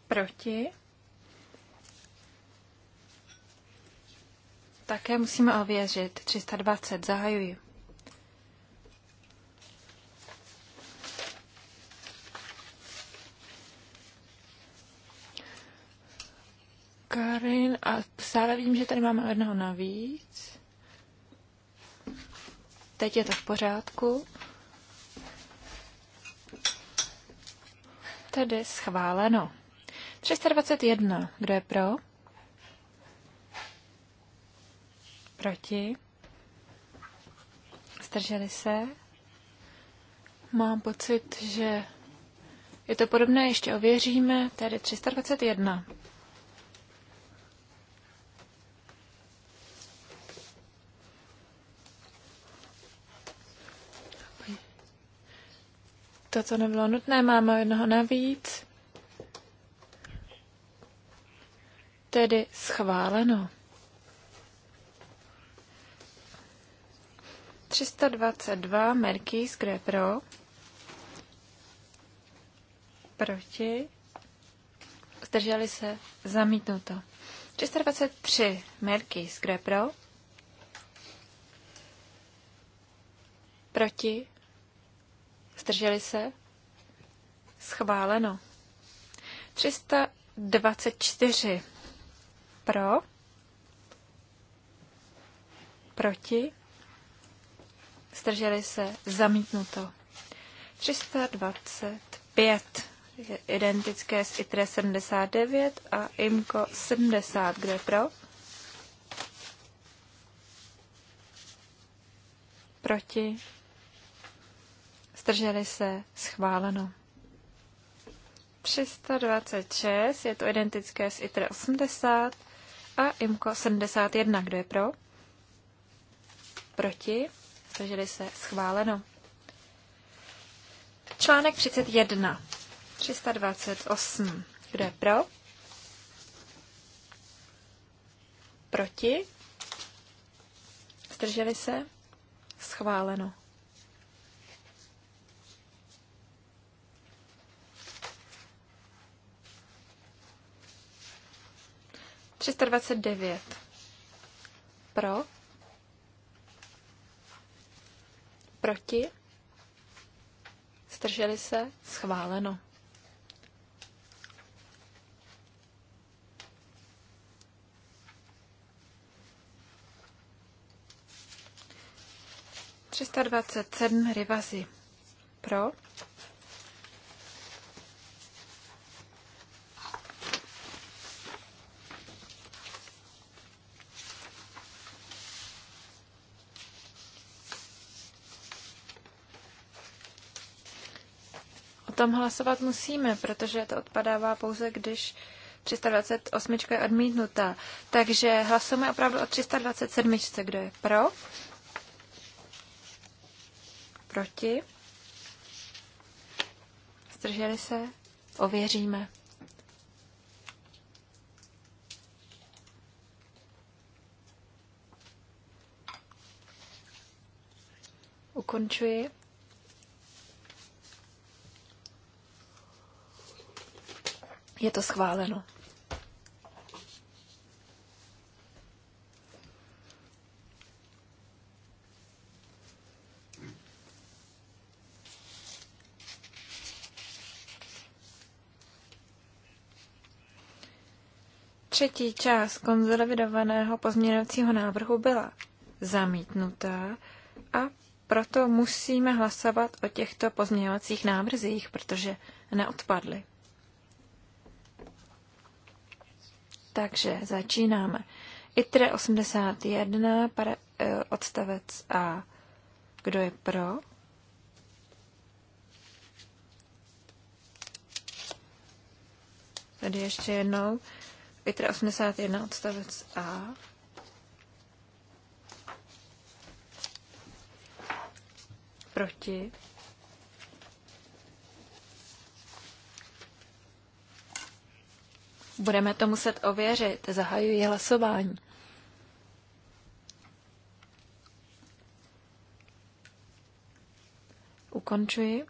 Proti? Také musíme ověřit. 320. Zahajuji. Karin a stále vidím, že tady máme jednoho navíc. Teď je to v pořádku. Tedy schváleno. 321. Kdo je pro? Proti? Zdrželi se? Mám pocit, že je to podobné, ještě ověříme, tedy 321. Toto nebylo nutné, máme jednoho navíc. tedy schváleno. 322 Merky z pro? Proti. Zdrželi se. Zamítnuto. 323 Merky z pro? Proti. Zdrželi se. Schváleno. 324 pro, proti, zdrželi se, zamítnuto. 325 je identické s ITRE 79 a IMCO 70, kde pro, proti, zdrželi se, schváleno. 326, je to identické s ITRE 80 a IMKO 71. Kdo je pro? Proti? Zdrželi se schváleno. Článek 31. 328. Kdo je pro? Proti? Zdrželi se? Schváleno. 329. Pro. Proti. Strželi se. Schváleno. Třista dvacet sedm Rivazy. Pro. tom hlasovat musíme, protože to odpadává pouze, když 328 je odmítnutá. Takže hlasujeme opravdu o 327. Kdo je pro? Proti? Zdrželi se? Ověříme. Ukončuji. Je to schváleno. třetí část konzolidovaného pozměňovacího návrhu byla zamítnutá a proto musíme hlasovat o těchto pozměňovacích návrzích, protože neodpadly. Takže začínáme. ITRE 81, para, eh, odstavec A. Kdo je pro? Tady ještě jednou. ITRE 81, odstavec A. Proti. Budeme to muset ověřit. Zahajuji hlasování. Ukončuji.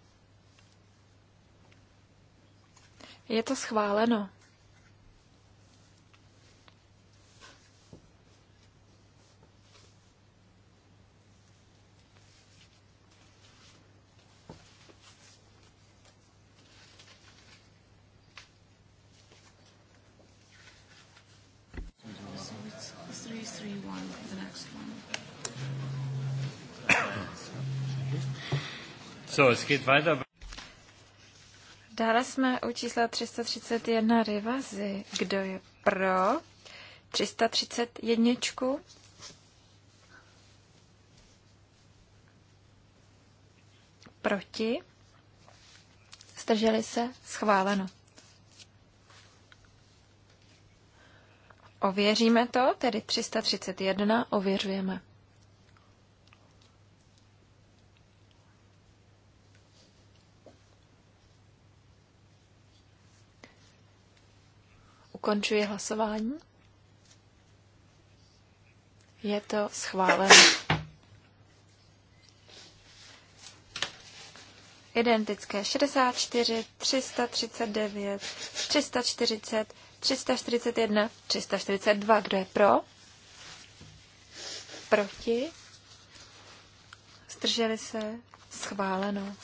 Je to schváleno. So, es geht weiter. Dále jsme u čísla 331 Rivazy. Kdo je pro? 331. Proti? Zdrželi se? Schváleno. Ověříme to, tedy 331 ověřujeme. Ukončuji hlasování. Je to schváleno. Identické 64, 339, 340, 341, 342. Kdo je pro? Proti? Zdrželi se? Schváleno.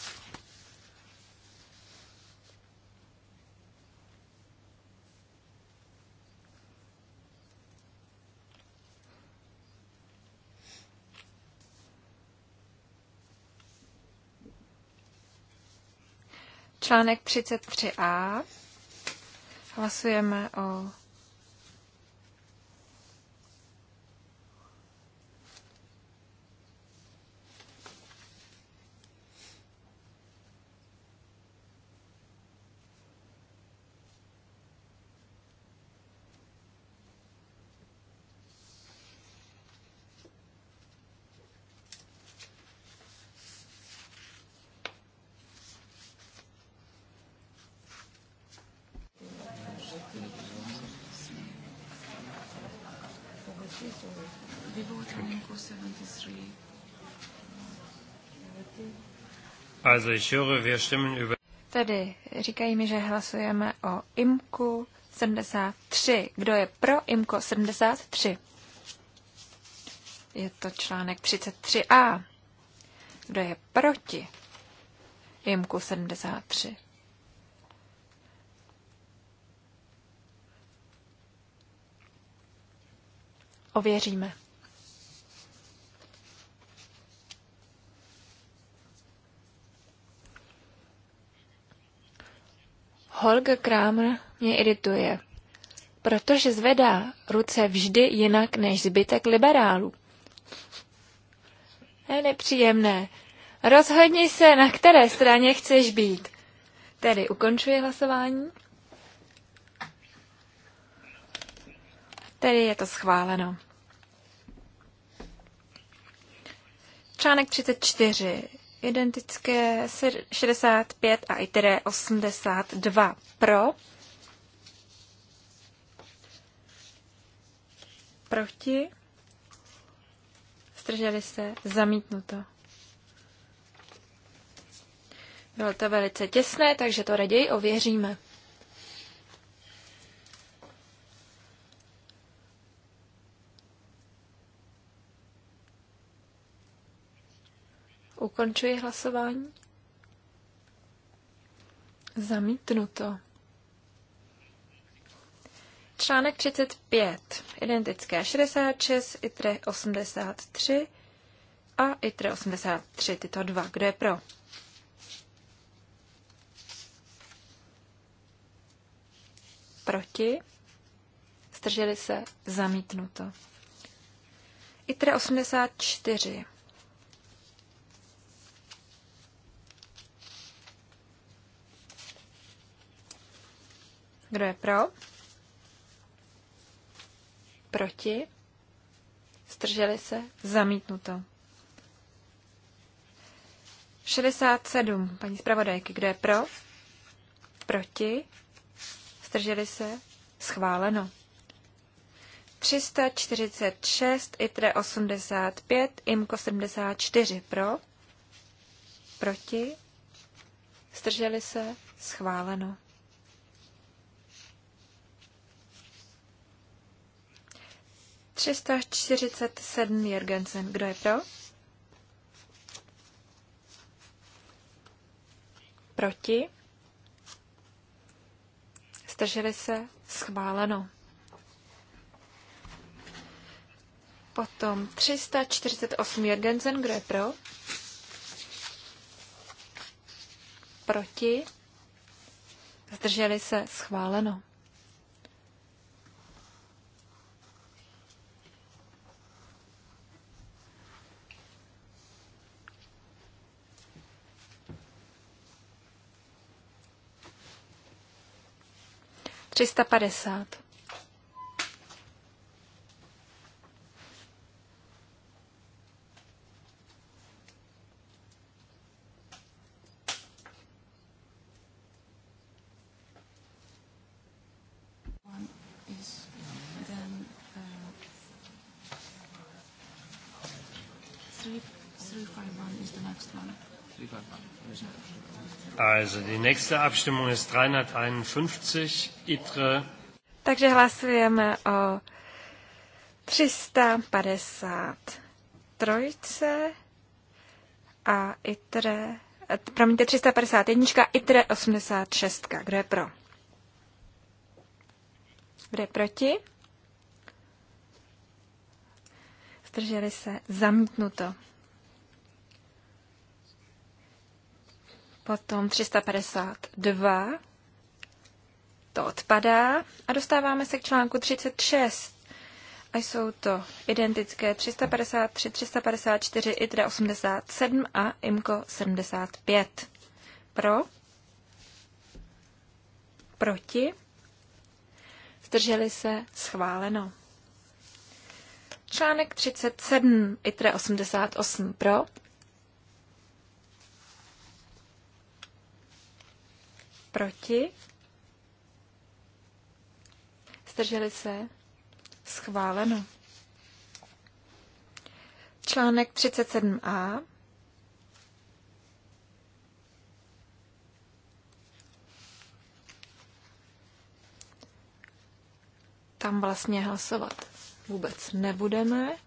Článek 33a. Hlasujeme o also ich höre, wir stimmen über... Tedy říkají mi, že hlasujeme o IMKU 73. Kdo je pro IMKO 73? Je to článek 33a. Kdo je proti IMKU 73? Ověříme. Holger Kramer mě irituje, protože zvedá ruce vždy jinak než zbytek liberálů. Je nepříjemné. Rozhodni se, na které straně chceš být. Tedy ukončuji hlasování. Tedy je to schváleno. Článek 34 identické 65 a i tedy 82 pro, proti, zdrželi se, zamítnuto. Bylo to velice těsné, takže to raději ověříme. Ukončuji hlasování. Zamítnuto. Článek 35. Identické 66, ITRE 83 a ITRE 83. Tyto dva. Kdo je pro? Proti? Zdrželi se? Zamítnuto. ITRE 84. Kdo je pro? Proti? Zdrželi se? Zamítnuto. 67. Paní zpravodajky, kdo je pro? Proti? Zdrželi se? Schváleno. 346, ITRE 85, IMKO 74 pro, proti, zdrželi se, schváleno. 347 Jergensen. Kdo je pro? Proti? Zdrželi se? Schváleno. Potom 348 Jergensen. Kdo je pro? Proti? Zdrželi se? Schváleno. 350. Um, three, three, five, one is the next one. Also die nächste Abstimmung ist 351 ITRE. Takže hlasujeme o 353 a ITRE, promiňte, 351, ITRE 86. Kdo je pro? Kdo je proti? Zdrželi se zamítnuto. Potom 352. To odpadá a dostáváme se k článku 36. A jsou to identické 353, 354, ITRA 87 a IMCO 75. Pro? Proti? Zdrželi se? Schváleno. Článek 37, ITRA 88 pro, Proti? Zdrželi se? Schváleno. Článek 37a. Tam vlastně hlasovat vůbec nebudeme.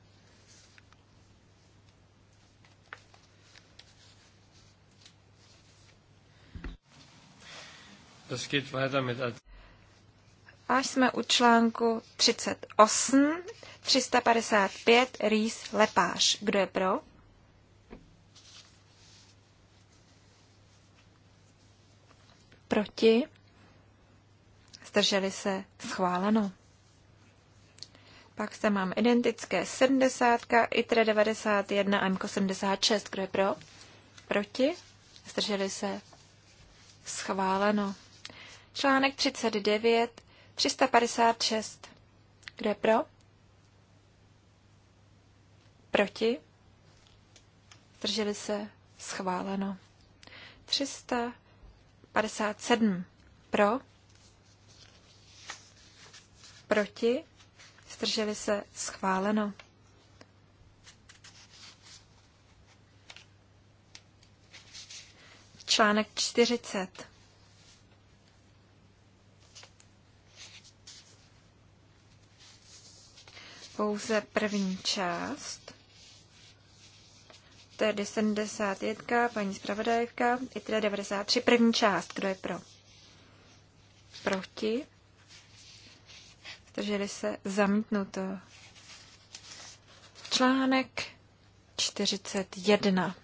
Až jsme u článku 38, 355, Rýs, Lepáš. Kdo je pro? Proti? Zdrželi se schváleno. Pak se mám identické 70, ITRE 91 a MKO 76. Kdo je pro? Proti? Zdrželi se schváleno. Článek 39, 356. Kdo je pro? Proti? Zdrželi se? Schváleno. 357. Pro? Proti? Zdrželi se? Schváleno. Článek 40. pouze první část, to je 71, paní zpravodajka, i teda 93, první část, kdo je pro? Proti? Zdrželi se zamítnuto. Článek 41.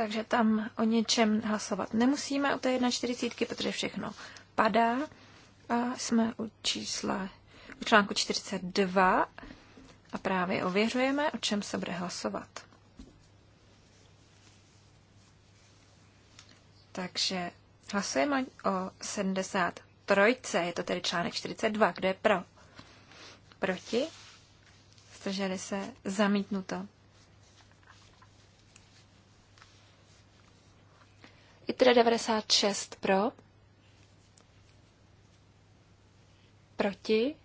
takže tam o něčem hlasovat nemusíme u té 41, protože všechno padá. A jsme u čísla, u článku 42 a právě ověřujeme, o čem se bude hlasovat. Takže hlasujeme o 73, je to tedy článek 42, kdo je pro? Proti? Zdrželi se zamítnuto. teda 96 pro, proti,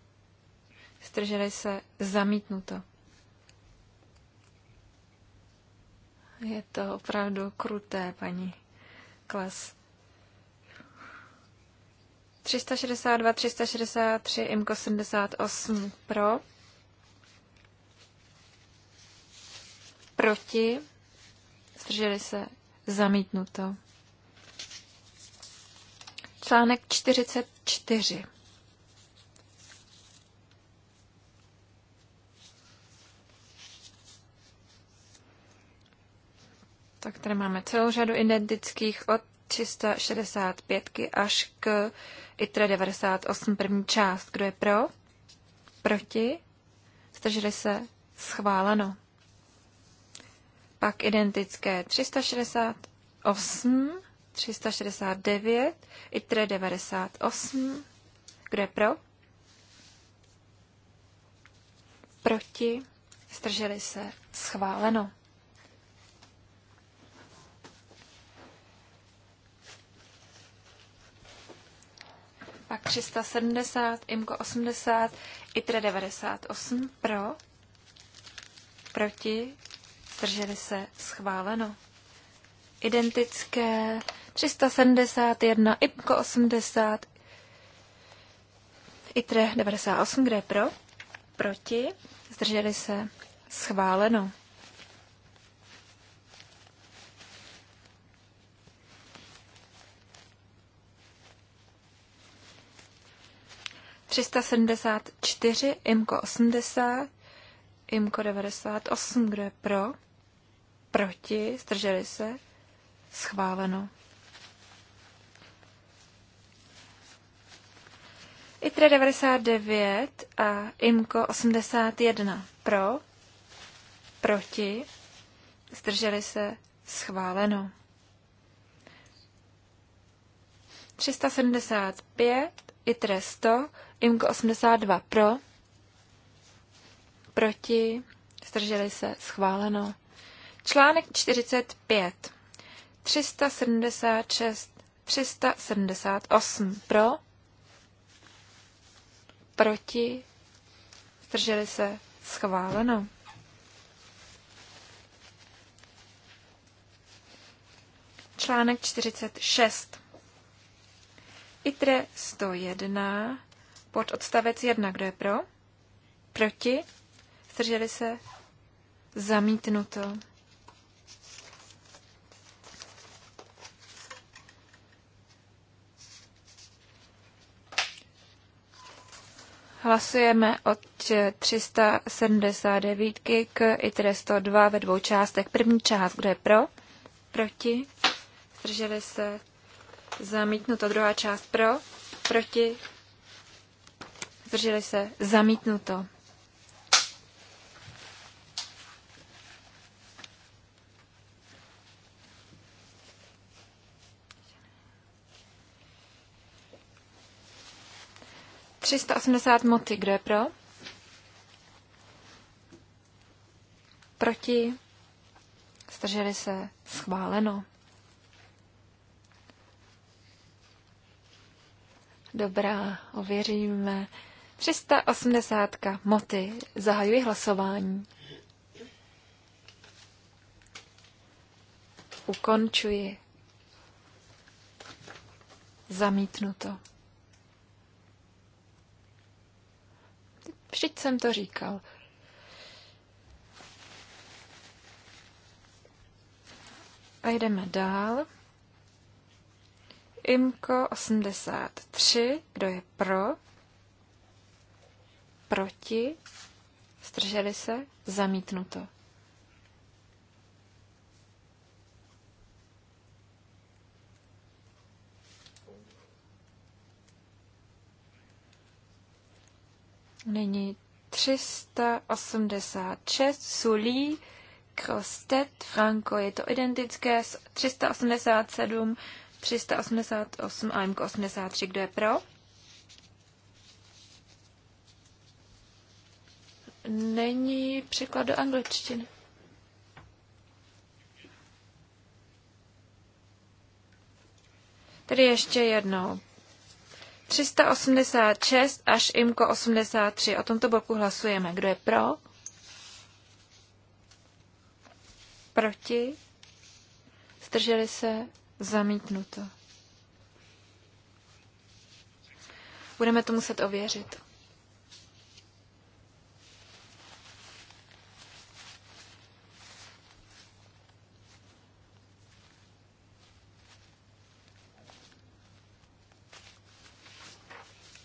zdrželi se zamítnuto. Je to opravdu kruté, paní Klas. 362, 363, IMKO 78 pro. Proti. Zdrželi se. Zamítnuto. Článek 44. Tak tady máme celou řadu identických od 365 až k ITRE 98 první část. Kdo je pro? Proti? Zdrželi se? Schváleno. Pak identické 368 369, ITRE 98. Kdo je pro? Proti? Zdrželi se? Schváleno. Pak 370, IMKO 80, ITRE 98. Pro? Proti? Zdrželi se? Schváleno. Identické 371, IPKO 80, ITRE 98, kde je pro, proti, zdrželi se, schváleno. Třista sedmdesát čtyři, IMKO osmdesát, IMKO devadesát osm, kdo je pro, proti, zdrželi se, schváleno. ITRA 99 a IMCO 81 pro, proti, zdrželi se schváleno. 375, ITRE 100, IMCO 82 pro, proti, zdrželi se schváleno. Článek 45, 376, 378 pro, proti, zdrželi se, schváleno. Článek 46. ITRE 101, pod odstavec 1, kdo je pro? Proti, zdrželi se, zamítnuto. Hlasujeme od 379 k ITRE 102 ve dvou částech. První část, kdo je pro? Proti? Zdrželi se? Zamítnuto. Druhá část pro? Proti? Zdrželi se? Zamítnuto. 380 moty, kdo je pro? Proti? Zdrželi se? Schváleno. Dobrá, ověříme. 380 moty. Zahajuji hlasování. Ukončuji. Zamítnuto. Vždyť jsem to říkal. A jdeme dál. Imko 83, kdo je pro? Proti? Zdrželi se? Zamítnuto. Nyní 386 Sulí, Krostet, Franco. Je to identické s 387, 388 a MK 83. Kdo je pro? Není překlad do angličtiny. Tedy ještě jednou. 386 až IMKO 83. O tomto bloku hlasujeme. Kdo je pro? Proti? Zdrželi se? Zamítnuto. Budeme to muset ověřit.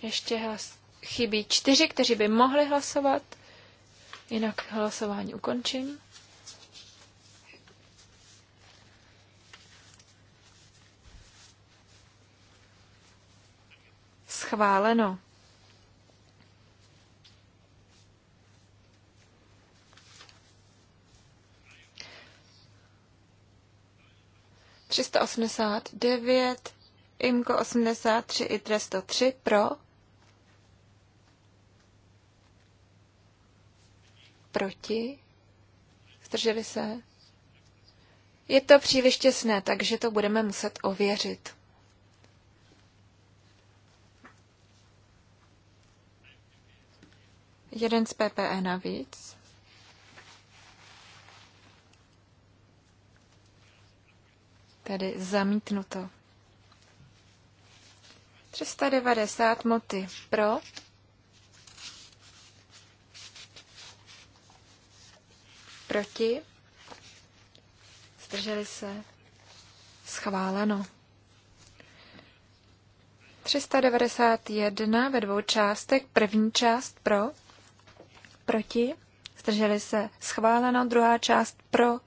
Ještě hlas... chybí čtyři, kteří by mohli hlasovat. Jinak hlasování ukončím. Schváleno. Třista osmdesát devět, IMKO osmdesát tři, ITRE sto tři pro. Proti? Zdrželi se? Je to příliš těsné, takže to budeme muset ověřit. Jeden z PPE navíc. Tedy zamítnuto. 390 moty pro, Proti? Zdrželi se? Schváleno. 391 ve dvou částech. První část pro, proti, zdrželi se schváleno. Druhá část pro,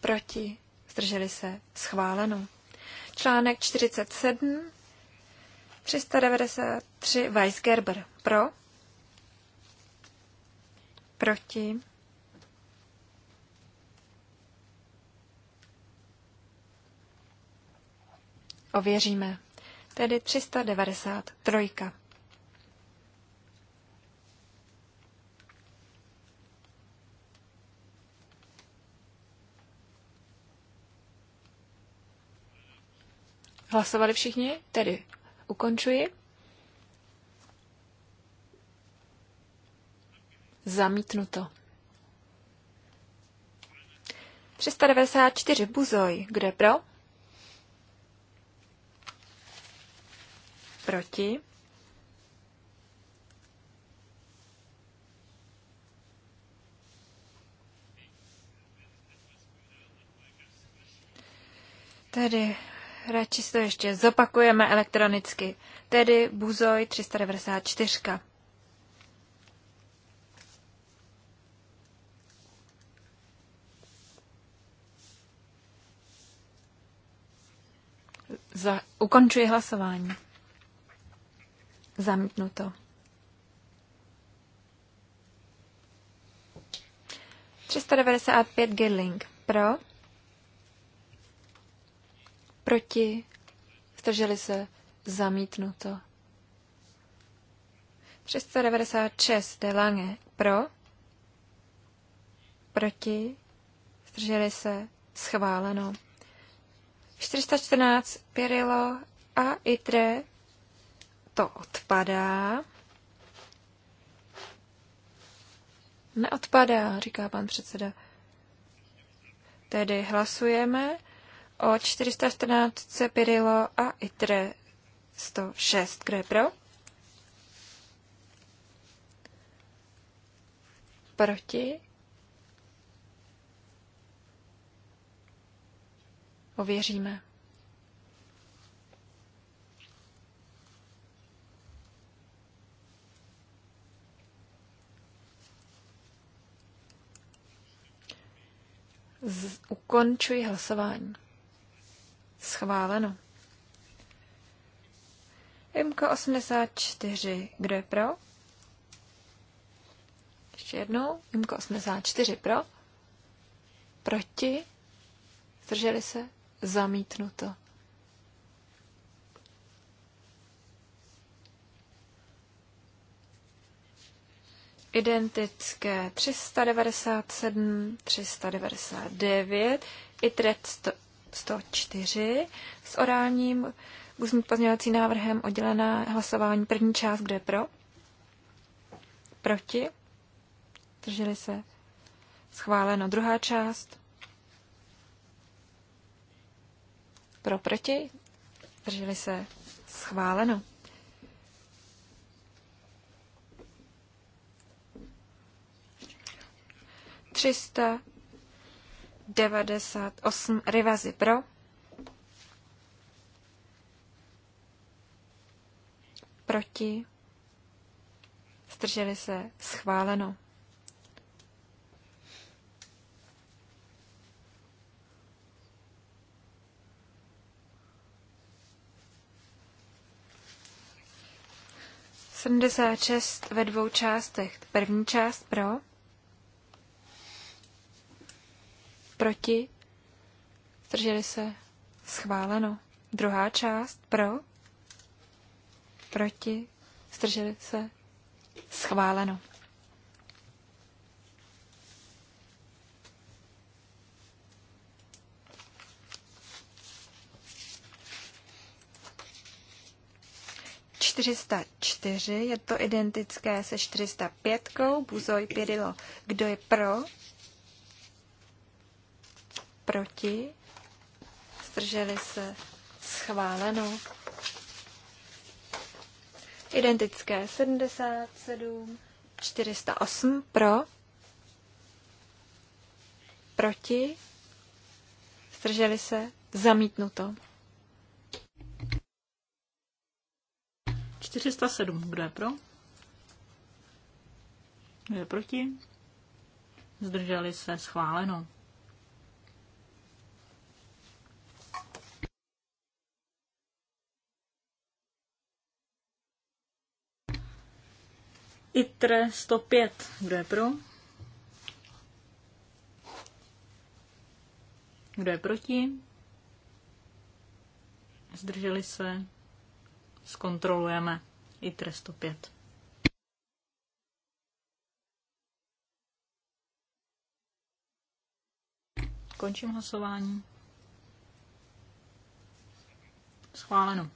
proti, zdrželi se schváleno. Článek 47, 393 Weisgerber pro, proti, Ověříme. Tedy 393. Hlasovali všichni? Tedy ukončuji. Zamítnuto. 394 Buzoj. Kde pro? Proti? Tedy radši si to ještě zopakujeme elektronicky. Tedy Buzoj 394. Za, ukončuji hlasování. Zamítnuto. 395 Girling. Pro. Proti. vtrželi se. Zamítnuto. 396 Delange. Pro. Proti. vtrželi se. Schváleno. 414 Pirilo a Itre to odpadá. Neodpadá, říká pan předseda. Tedy hlasujeme o 414 Pirilo a ITRE 106. Kdo je pro? Proti? Ověříme. Z- ukončuji hlasování. Schváleno. mk 84. Kdo je pro? Ještě jednou. mk 84. Pro? Proti? Zdrželi se? Zamítnuto. identické 397, 399, i 104 s orálním ústním pozměňovacím návrhem oddělené hlasování první část, kde pro, proti, drželi se, schváleno druhá část, pro, proti, drželi se, schváleno. 398 rivazy pro, proti, zdrželi se, schváleno. Sedmdesát šest ve dvou částech. První část pro. Proti? Zdrželi se? Schváleno. Druhá část. Pro? Proti? Zdrželi se? Schváleno. čtyři je to identické se 405, buzoj pědilo. Kdo je pro? proti, zdrželi se schváleno. Identické 77, 408 pro, proti, zdrželi se zamítnuto. 407, kdo je pro? Kdo je proti? Zdrželi se schváleno. ITRE 105. Kdo je pro? Kdo je proti? Zdrželi se? Zkontrolujeme. ITRE 105. Končím hlasování. Schváleno.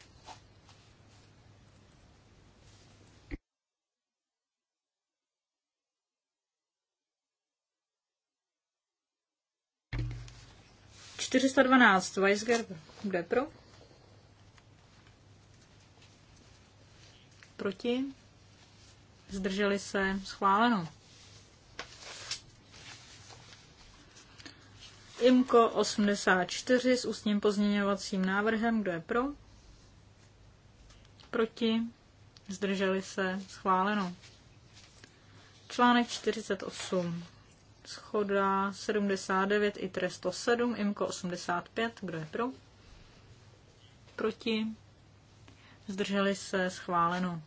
412 Weisgerber. Kde pro? Proti? Zdrželi se. Schváleno. IMKO 84 s ústním pozměňovacím návrhem. Kdo je pro? Proti? Zdrželi se. Schváleno. Článek 48 schoda 79 i 107, IMKO 85, kdo je pro? Proti? Zdrželi se schváleno.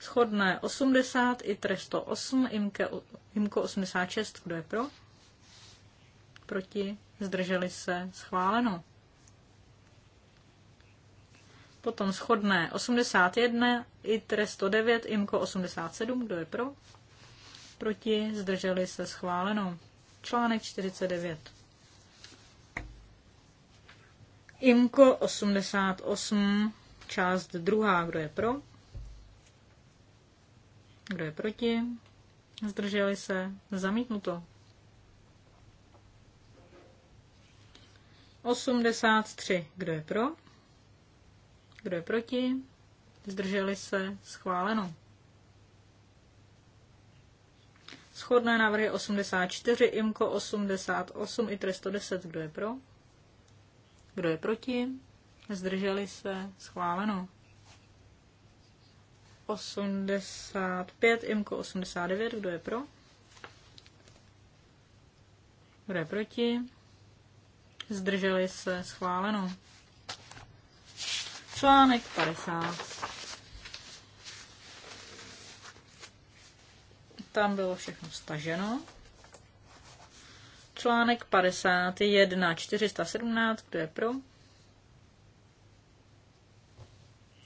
Schodné 80 i 308, Imke, IMKO 86, kdo je pro? Proti? Zdrželi se schváleno. Potom schodné 81 i 109, IMKO 87, kdo je pro? proti, zdrželi se schváleno. Článek 49. Imko 88, část druhá, kdo je pro? Kdo je proti? Zdrželi se? Zamítnuto. 83. Kdo je pro? Kdo je proti? Zdrželi se? Schváleno. Schodné návrhy 84, IMKO 88 i 310. Kdo je pro? Kdo je proti? Zdrželi se? Schváleno. 85, IMKO 89. Kdo je pro? Kdo je proti? Zdrželi se? Schváleno. Článek 50. Tam bylo všechno staženo. Článek 51, 417, kdo je pro?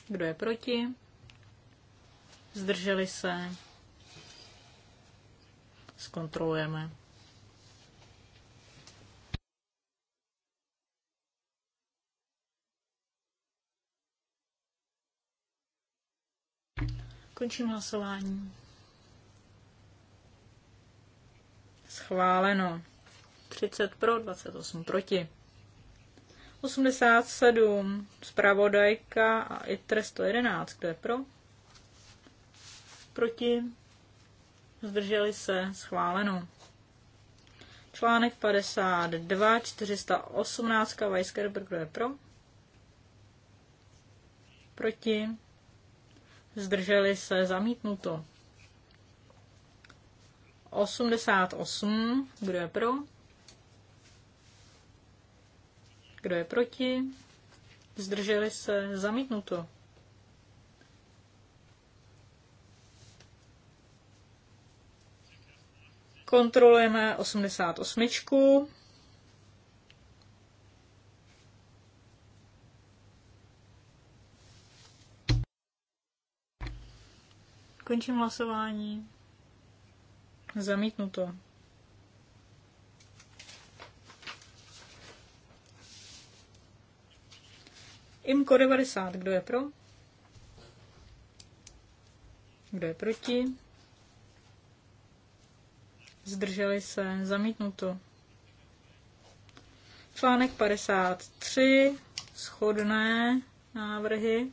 Kdo je proti? Zdrželi se? Zkontrolujeme. Končím hlasování. Schváleno. 30 pro, 28 proti. 87. zpravodajka a ITRE 111. Kdo je pro? Proti. Zdrželi se. Schváleno. Článek 52, 418, Weisskerber, kdo je pro? Proti. Zdrželi se, zamítnuto. 88. Kdo je pro? Kdo je proti? Zdrželi se? Zamítnuto. Kontrolujeme 88. Končím hlasování. Zamítnuto. IMKO 90. Kdo je pro? Kdo je proti? Zdrželi se. Zamítnuto. Článek 53. Schodné návrhy.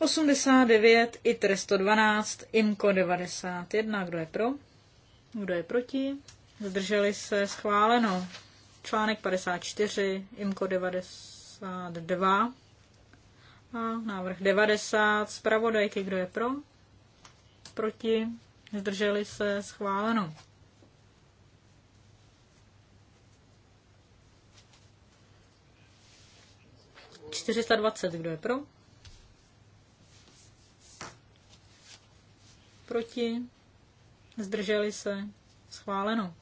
89, i ITR 112, IMCO 91. Kdo je pro? Kdo je proti? Zdrželi se schváleno. Článek 54, IMCO 92 a návrh 90, zpravodajky, kdo je pro? Proti? Zdrželi se schváleno. Čtyřista dvacet, kdo je pro? Proti? Zdrželi se? Schváleno.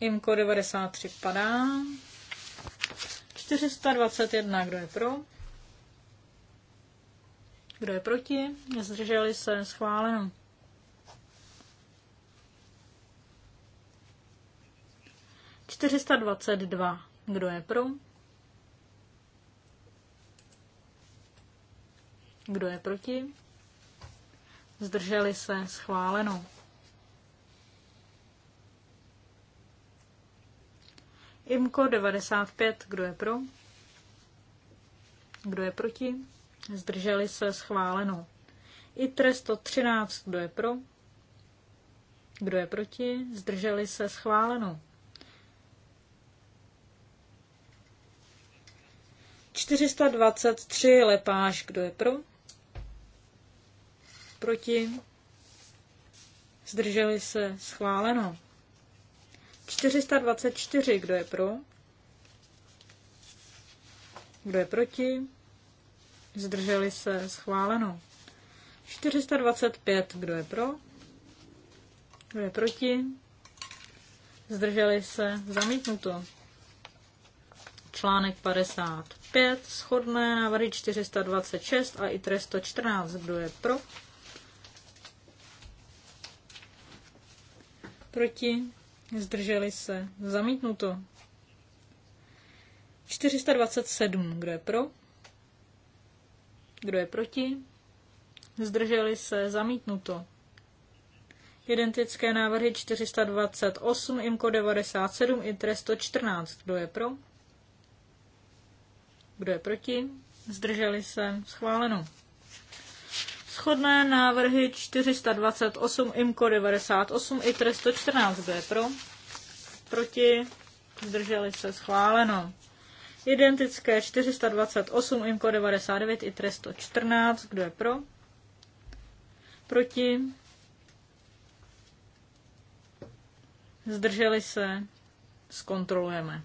IMKO 93 padá. 421, kdo je pro? Kdo je proti? Zdrželi se? Schváleno. Čtyřista dvacet dva. Kdo je pro? Kdo je proti? zdrželi se, schváleno. IMKO 95, kdo je pro? Kdo je proti? Zdrželi se, schváleno. ITRE 113, kdo je pro? Kdo je proti? Zdrželi se, schváleno. 423 lepáš, kdo je pro? proti, zdrželi se, schváleno. 424, kdo je pro, kdo je proti, zdrželi se, schváleno. 425, kdo je pro, kdo je proti, zdrželi se, zamítnuto. Článek 55, schodné návrhy 426 a i 314, kdo je pro, proti, zdrželi se, zamítnuto. 427, kdo je pro, kdo je proti, zdrželi se, zamítnuto. Identické návrhy 428, IMCO 97, ITRE 114, kdo je pro, kdo je proti, zdrželi se, schváleno. Schodné návrhy 428, IMCO 98, ITRE 114, kdo je pro? Proti? Zdrželi se schváleno. Identické 428, IMCO 99, ITRE 114, kdo je pro? Proti? Zdrželi se? Zkontrolujeme.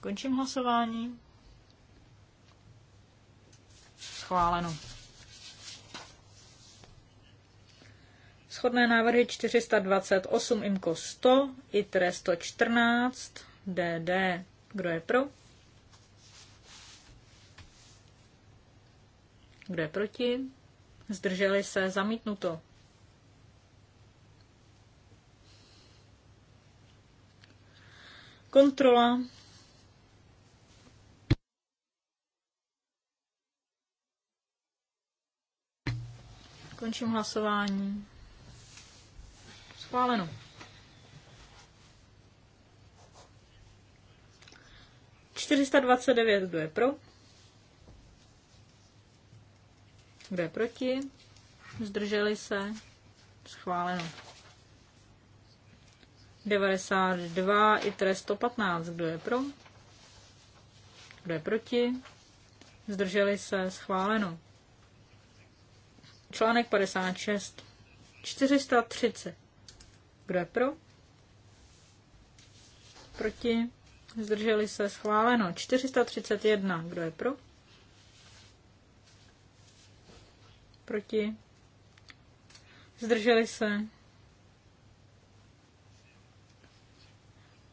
Končím hlasování. Schváleno. Schodné návrhy 428 IMKO 100, ITRE 114, DD. Kdo je pro? Kdo je proti? Zdrželi se zamítnuto. Kontrola Končím hlasování. Schváleno. Čtyřista dvacet devět, kdo je pro? Kdo je proti? Zdrželi se? Schváleno. 92 i trest 115. Kdo je pro? Kdo je proti? Zdrželi se? Schváleno. Článek 56. 430. Kdo je pro? Proti? Zdrželi se schváleno. 431. Kdo je pro? Proti? Zdrželi se.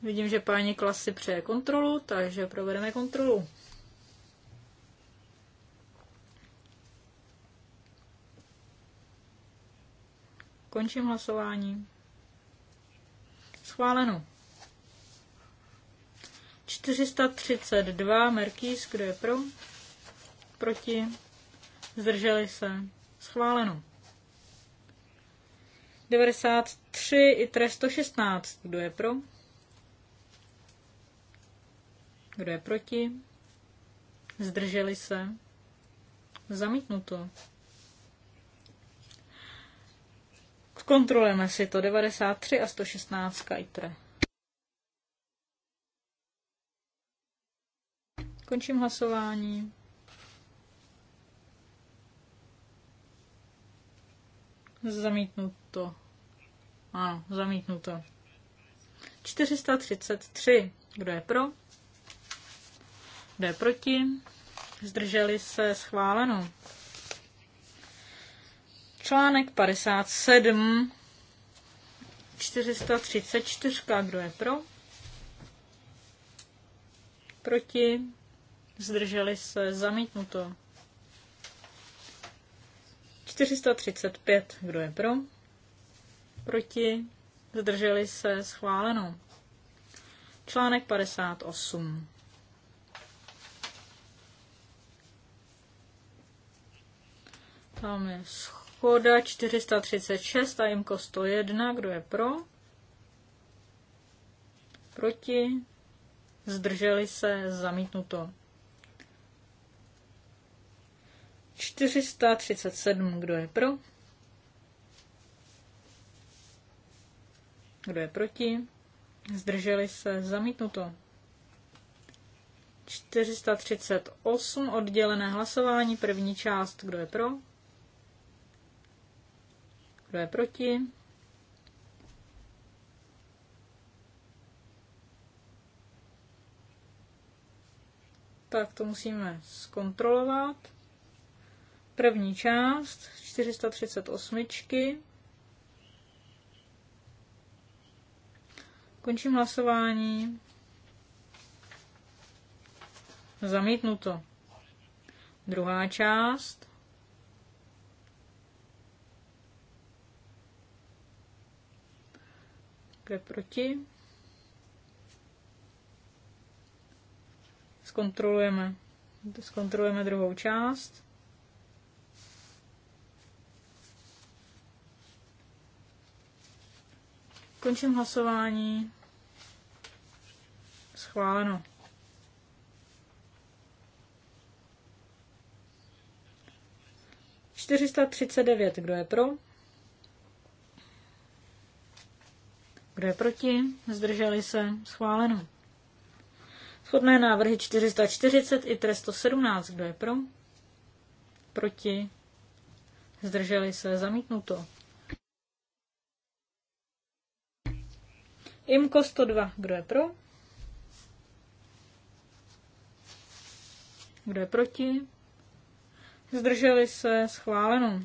Vidím, že páni klasy přeje kontrolu, takže provedeme kontrolu. Končím hlasování. Schváleno. 432 Merkýs, kdo je pro? Proti? Zdrželi se. Schváleno. 93 i trest 116, kdo je pro? Kdo je proti? Zdrželi se. Zamítnuto. Zkontrolujeme si to 93 a 116 Skytre. Končím hlasování. Zamítnuto. Ano, zamítnuto. 433. Kdo je pro? Kdo je proti? Zdrželi se schváleno. Článek 57, 434, kdo je pro? Proti? Zdrželi se, zamítnuto. 435, kdo je pro? Proti? Zdrželi se, schváleno. Článek 58. Tam je Koda 436 a jimko 101. Kdo je pro? Proti? Zdrželi se? Zamítnuto. 437. Kdo je pro? Kdo je proti? Zdrželi se? Zamítnuto. 438 oddělené hlasování, první část, kdo je pro? Kdo je proti? Tak to musíme zkontrolovat. První část 438. Končím hlasování. Zamítnuto. Druhá část Kdo proti? Zkontrolujeme. Zkontrolujeme druhou část. Končím hlasování. Schváleno. Čtyřista třicet devět. Kdo je pro? Kdo je proti? Zdrželi se? Schváleno. Shodné návrhy 440 i 317. Kdo je pro? Proti? Zdrželi se? Zamítnuto. IMKO 102. Kdo je pro? Kdo je proti? Zdrželi se? Schváleno.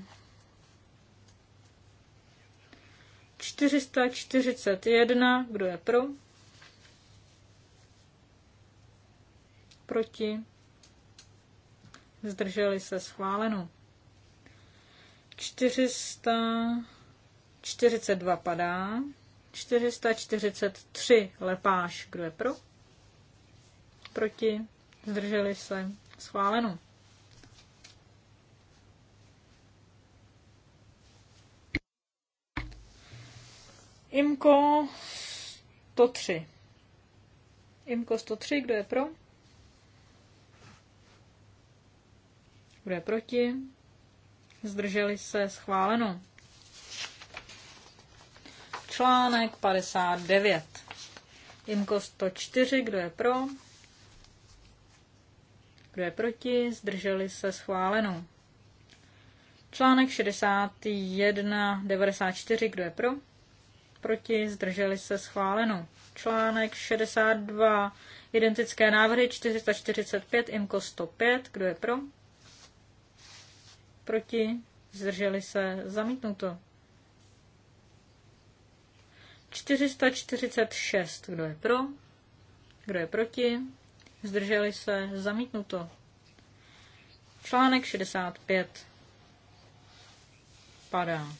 441, kdo je pro? Proti? Zdrželi se schváleno. 442 padá. 443 lepáš, kdo je pro? Proti? Zdrželi se schváleno. IMKO 103. IMKO 103, kdo je pro? Kdo je proti? Zdrželi se schváleno. Článek 59. IMKO 104, kdo je pro? Kdo je proti? Zdrželi se schváleno. Článek 61, 94, kdo je pro? proti, zdrželi se schváleno. Článek 62, identické návrhy 445, IMKO 105, kdo je pro? Proti, zdrželi se zamítnuto. 446, kdo je pro? Kdo je proti? Zdrželi se zamítnuto. Článek 65 padá.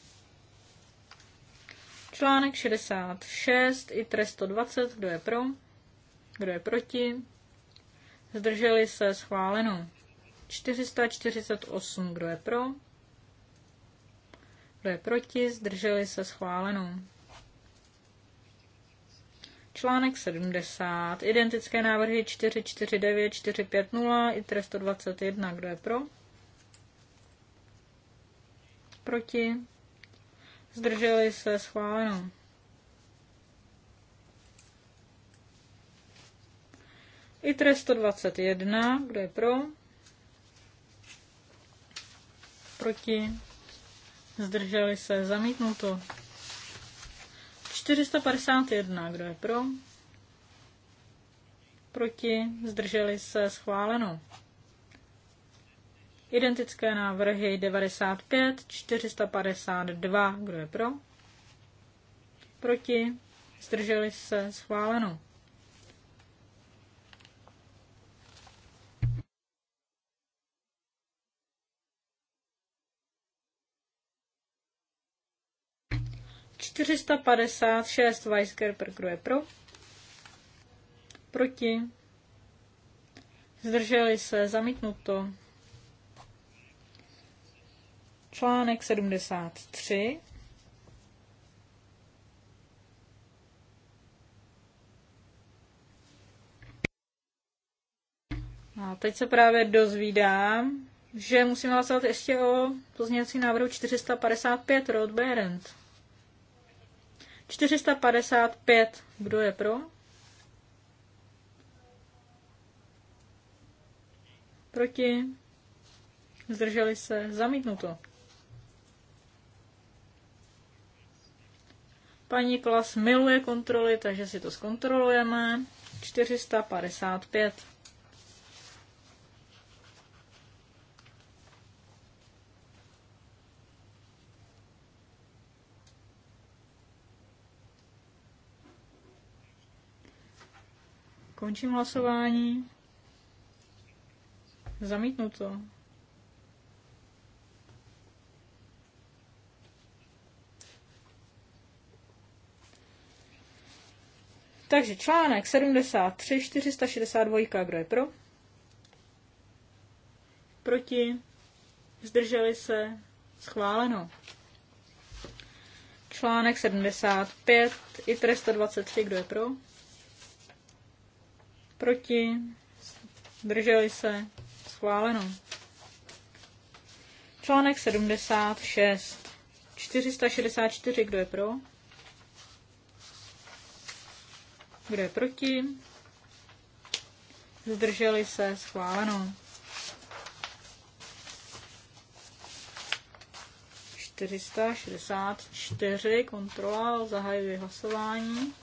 Článek 66, i trest 120, kdo je pro, kdo je proti, zdrželi se schváleno. 448, kdo je pro, kdo je proti, zdrželi se schváleno. Článek 70. Identické návrhy 449, 450 i 321. Kdo je pro? Proti? Zdrželi se schváleno. I trest 121, kdo je pro? Proti? Zdrželi se, zamítnuto. 451, kdo je pro? Proti? Zdrželi se, schváleno. Identické návrhy 95, 452. Kdo je pro? Proti? Zdrželi se? Schváleno. Čtyřista padesát šest Weisgerber, kdo je pro? Proti? Zdrželi se, zamítnuto. Článek 73. A teď se právě dozvídám, že musíme hlasovat ještě o pozměňovací návrhu 455 Rod Berend. 455. Kdo je pro? Proti? Zdrželi se? Zamítnuto. Paní Klas miluje kontroly, takže si to zkontrolujeme. 455. Končím hlasování. Zamítnu to. Takže článek 73, 462, kdo je pro? Proti? Zdrželi se? Schváleno. Článek 75, i 323, kdo je pro? Proti? Zdrželi se? Schváleno. Článek 76, 464, kdo je pro? Kdo je proti? Zdrželi se schváleno. 464 kontrola, zahajuje hlasování.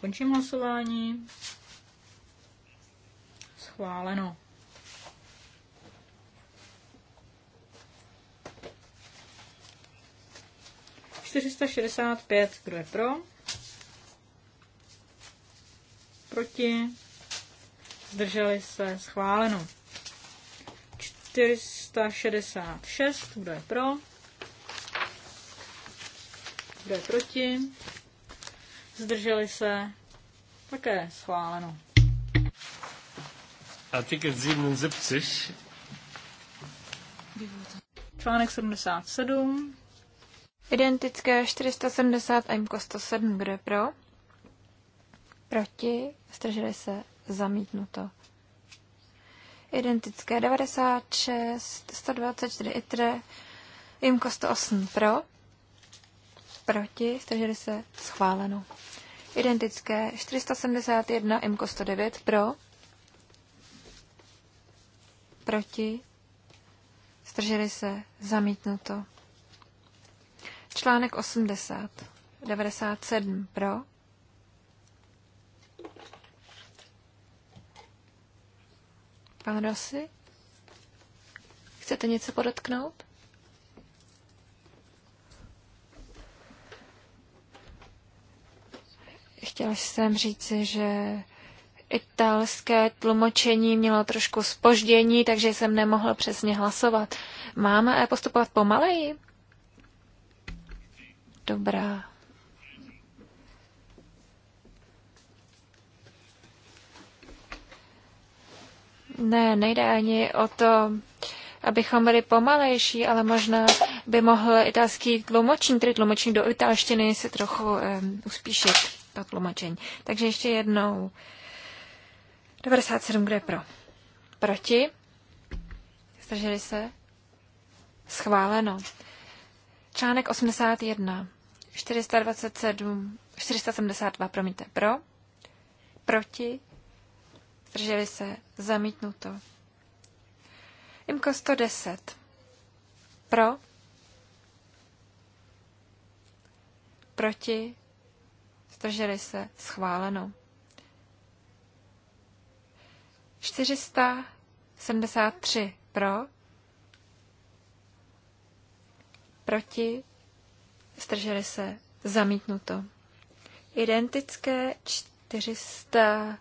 Končím hlasování. Schváleno. 465, kdo je pro? Proti? Zdrželi se? Schváleno. 466, kdo je pro? Kdo je proti? Zdrželi se? Také schváleno. Artikel 77. Článek 77. Identické 470 a IMCO 107, kdo je pro? Proti, zdrželi se, zamítnuto. Identické 96, 124 ITRE, IMCO 108 pro, proti, zdrželi se, schváleno. Identické 471, IMCO 109 pro, proti, zdrželi se, zamítnuto. Článek 80. 97 pro. Pan Rossi? Chcete něco podotknout? Chtěla jsem říci, že italské tlumočení mělo trošku spoždění, takže jsem nemohl přesně hlasovat. Máme postupovat pomaleji? dobrá. Ne, nejde ani o to, abychom byli pomalejší, ale možná by mohl italský tlumočník, tedy tlumočník do italštiny, se trochu um, uspíšit to tlumočení. Takže ještě jednou. 97, kdo je pro? Proti? Zdrželi se? Schváleno. Článek 81. 427, 472, promiňte, pro, proti, zdrželi se, zamítnuto. Imko 110, pro, proti, zdrželi se, schváleno. 473 pro, proti, Zdrželi se. Zamítnuto. Identické 400.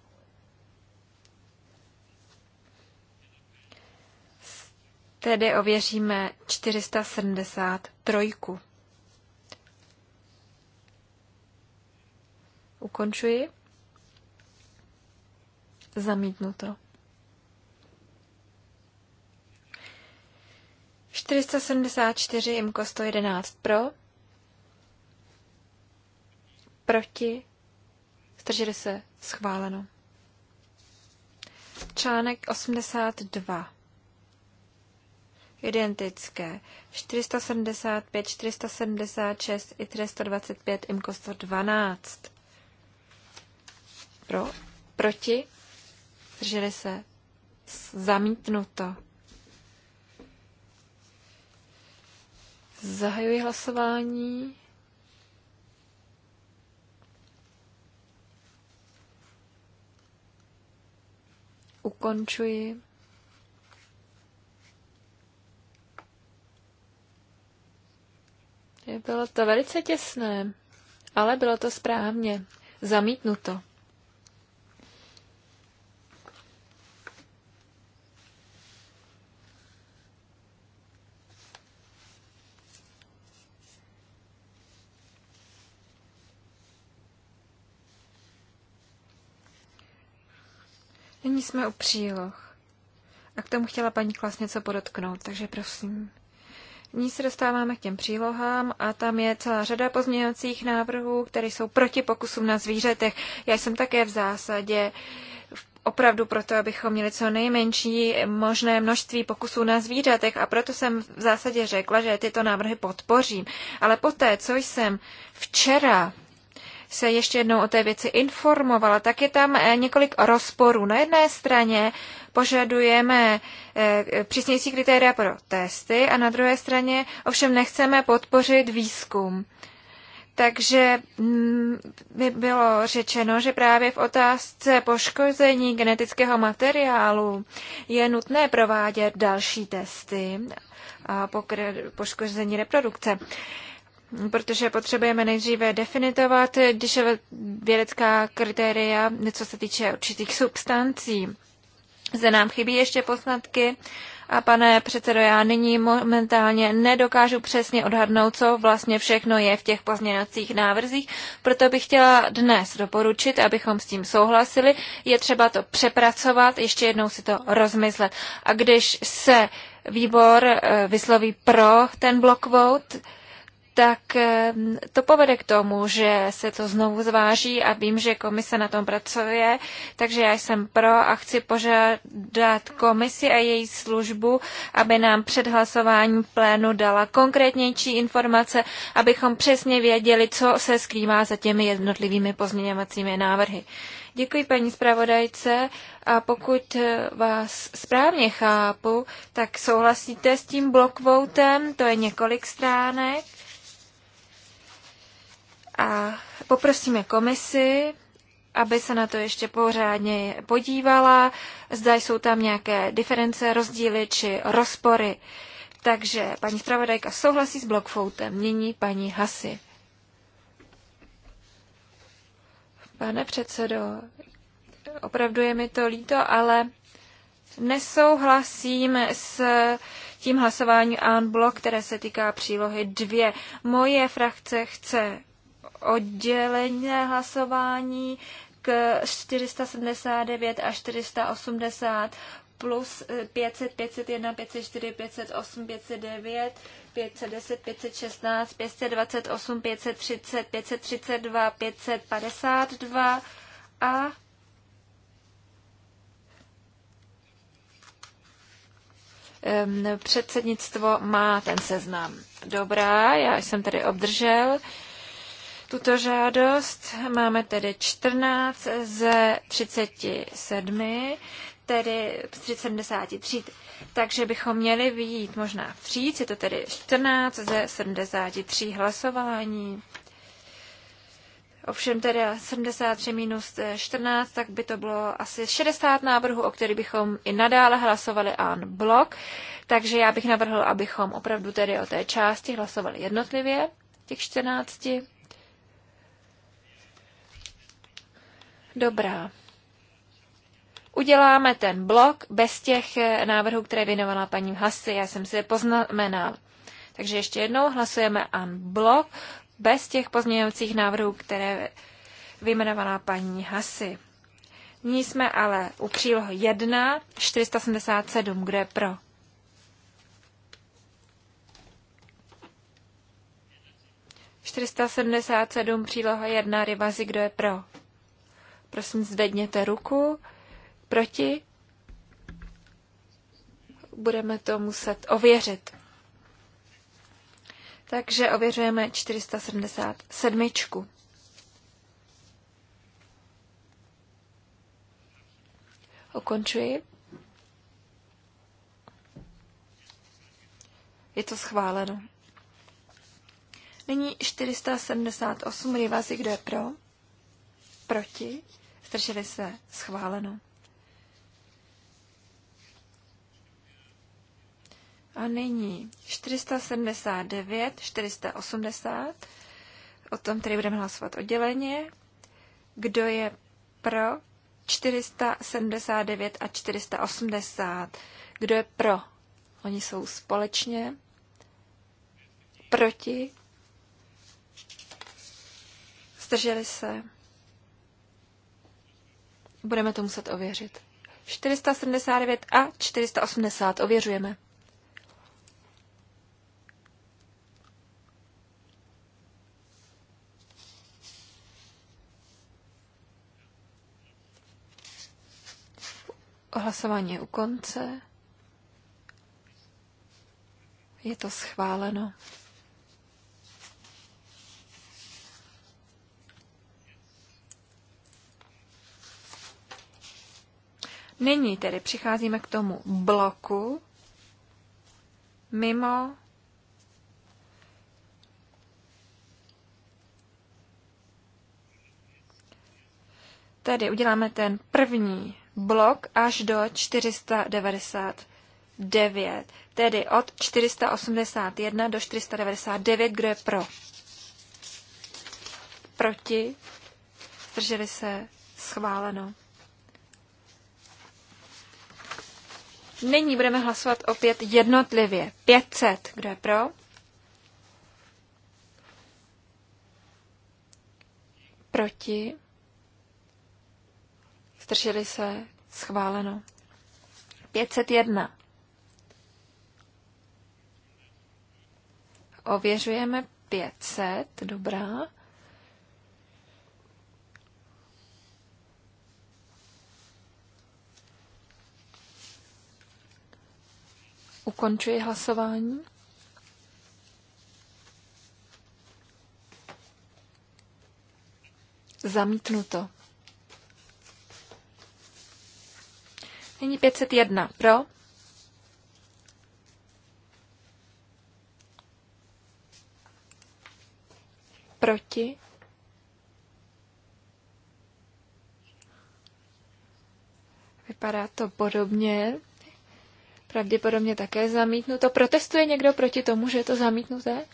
tedy ověříme 473. Ukončuji. Zamítnuto. 474 imko 111 pro, Proti? Zdrželi se? Schváleno. Článek 82. Identické. 475, 476 i 325, imko 112. Pro, proti? Zdrželi se? Zamítnuto. Zahajuji hlasování. Ukončuji. Bylo to velice těsné, ale bylo to správně. Zamítnuto. nyní jsme u příloh. A k tomu chtěla paní Klas něco podotknout, takže prosím. Nyní se dostáváme k těm přílohám a tam je celá řada pozměňovacích návrhů, které jsou proti pokusům na zvířatech. Já jsem také v zásadě opravdu proto, abychom měli co nejmenší možné množství pokusů na zvířatech a proto jsem v zásadě řekla, že tyto návrhy podpořím. Ale poté, co jsem včera se ještě jednou o té věci informovala, tak je tam eh, několik rozporů. Na jedné straně požadujeme eh, přísnější kritéria pro testy a na druhé straně ovšem nechceme podpořit výzkum. Takže mm, by bylo řečeno, že právě v otázce poškození genetického materiálu je nutné provádět další testy a poškození reprodukce protože potřebujeme nejdříve definitovat když je vědecká kritéria, co se týče určitých substancí. Zde nám chybí ještě poznatky a pane předsedo, já nyní momentálně nedokážu přesně odhadnout, co vlastně všechno je v těch pozměňovacích návrzích, proto bych chtěla dnes doporučit, abychom s tím souhlasili. Je třeba to přepracovat, ještě jednou si to rozmyslet. A když se výbor eh, vysloví pro ten block vote, tak to povede k tomu, že se to znovu zváží a vím, že komise na tom pracuje, takže já jsem pro a chci požádat komisi a její službu, aby nám před hlasováním plénu dala konkrétnější informace, abychom přesně věděli, co se skrývá za těmi jednotlivými pozměňovacími návrhy. Děkuji paní zpravodajce a pokud eh, vás správně chápu, tak souhlasíte s tím blokvoutem, to je několik stránek. A poprosíme komisi, aby se na to ještě pořádně podívala, zda jsou tam nějaké diference, rozdíly či rozpory. Takže paní zpravodajka souhlasí s Blockfoutem, mění paní Hasy. Pane předsedo, opravdu je mi to líto, ale nesouhlasím s tím hlasováním en bloc, které se týká přílohy 2. Moje frakce chce oddělené hlasování k 479 a 480 plus 500, 501, 504, 508, 509, 510, 516, 528, 530, 532, 552 a předsednictvo má ten seznam. Dobrá, já jsem tady obdržel tuto žádost. Máme tedy 14 ze 37, tedy z 73. Takže bychom měli vyjít možná vstříc, je to tedy 14 ze 73 hlasování. Ovšem tedy 73 minus 14, tak by to bylo asi 60 návrhů, o kterých bychom i nadále hlasovali an blok. Takže já bych navrhl, abychom opravdu tedy o té části hlasovali jednotlivě, těch 14. dobrá. Uděláme ten blok bez těch eh, návrhů, které věnovala paní Hasy, já jsem si je poznamenal. Takže ještě jednou hlasujeme an blok bez těch pozměňovacích návrhů, které vyjmenovala paní Hasy. Nyní jsme ale u přílohy 1, 477, kde je pro. ...477 příloha 1 Rybazi, kdo je pro? Prosím, zvedněte ruku. Proti? Budeme to muset ověřit. Takže ověřujeme 477. Ukončuji. Je to schváleno. Nyní 478 rivazy, kdo je pro? Proti? Zdrželi se? Schváleno. A nyní 479, 480. O tom tedy budeme hlasovat odděleně. Kdo je pro 479 a 480? Kdo je pro? Oni jsou společně. Proti? Zdrželi se? Budeme to muset ověřit. 479 a 480 ověřujeme. Ohlasování je u konce. Je to schváleno. Nyní tedy přicházíme k tomu bloku mimo Tedy uděláme ten první blok až do 499, tedy od 481 do 499, kdo je pro. Proti, zdrželi se, schváleno. Nyní budeme hlasovat opět jednotlivě. 500. Kdo je pro? 5 Zdrželi se? Schváleno. 501. Ověřujeme 500. Dobrá. Ukončuji hlasování. Zamítnuto. Nyní 501 pro. Proti. Vypadá to podobně pravděpodobně také zamítnuto. Protestuje někdo proti tomu, že je to zamítnuté?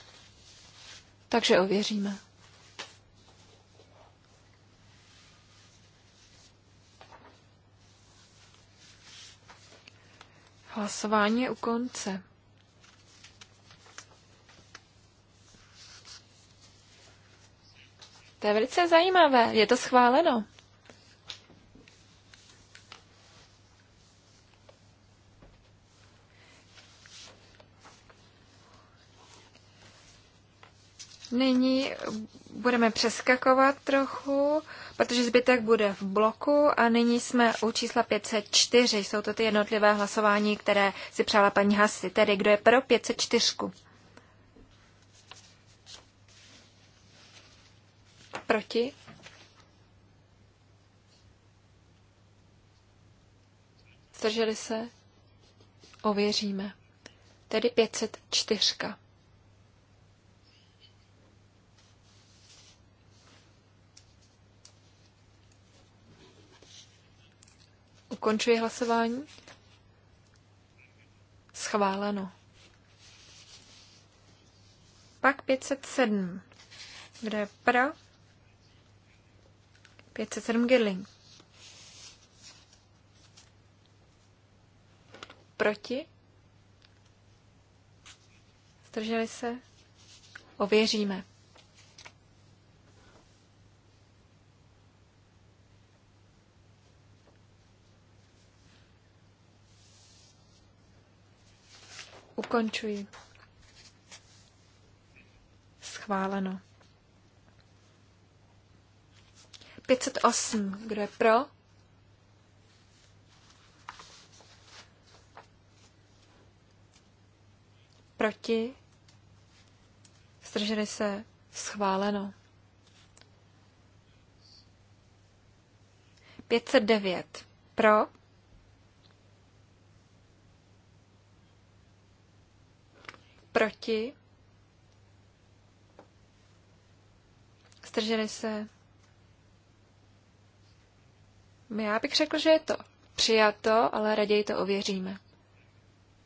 Takže ověříme. Hlasování je u konce. To je velice zajímavé. Je to schváleno. Nyní budeme přeskakovat trochu, protože zbytek bude v bloku a nyní jsme u čísla 504. Jsou to ty jednotlivé hlasování, které si přála paní Hasi. Tedy kdo je pro 504? Proti? Zdrželi se? Ověříme. Tedy 504. Ukončuji hlasování. Schváleno. Pak 507. Kde je pro? 507 Girling. Proti? Zdrželi se? Ověříme. Ukončuji. Schváleno. 508. Kdo je pro? Proti? Zdrželi se? Schváleno. 509. Pro? Proti? Zdrželi se? Já bych řekl, že je to přijato, ale raději to ověříme.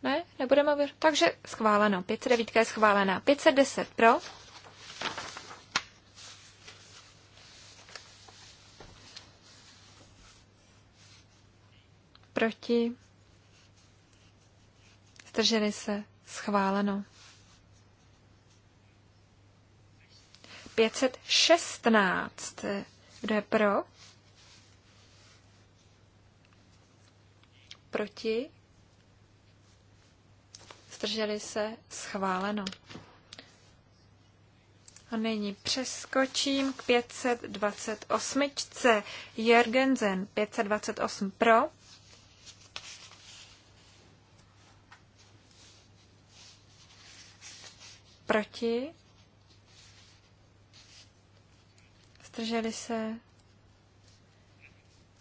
Ne, nebudeme ověřit. Takže schváleno. 509 je schválená. 510 pro. Proti. Zdrželi se. Schváleno. 516. Kdo je pro? Proti? Zdrželi se? Schváleno. A nyní přeskočím k 528. Jergensen 528 pro. Proti. zdrželi se,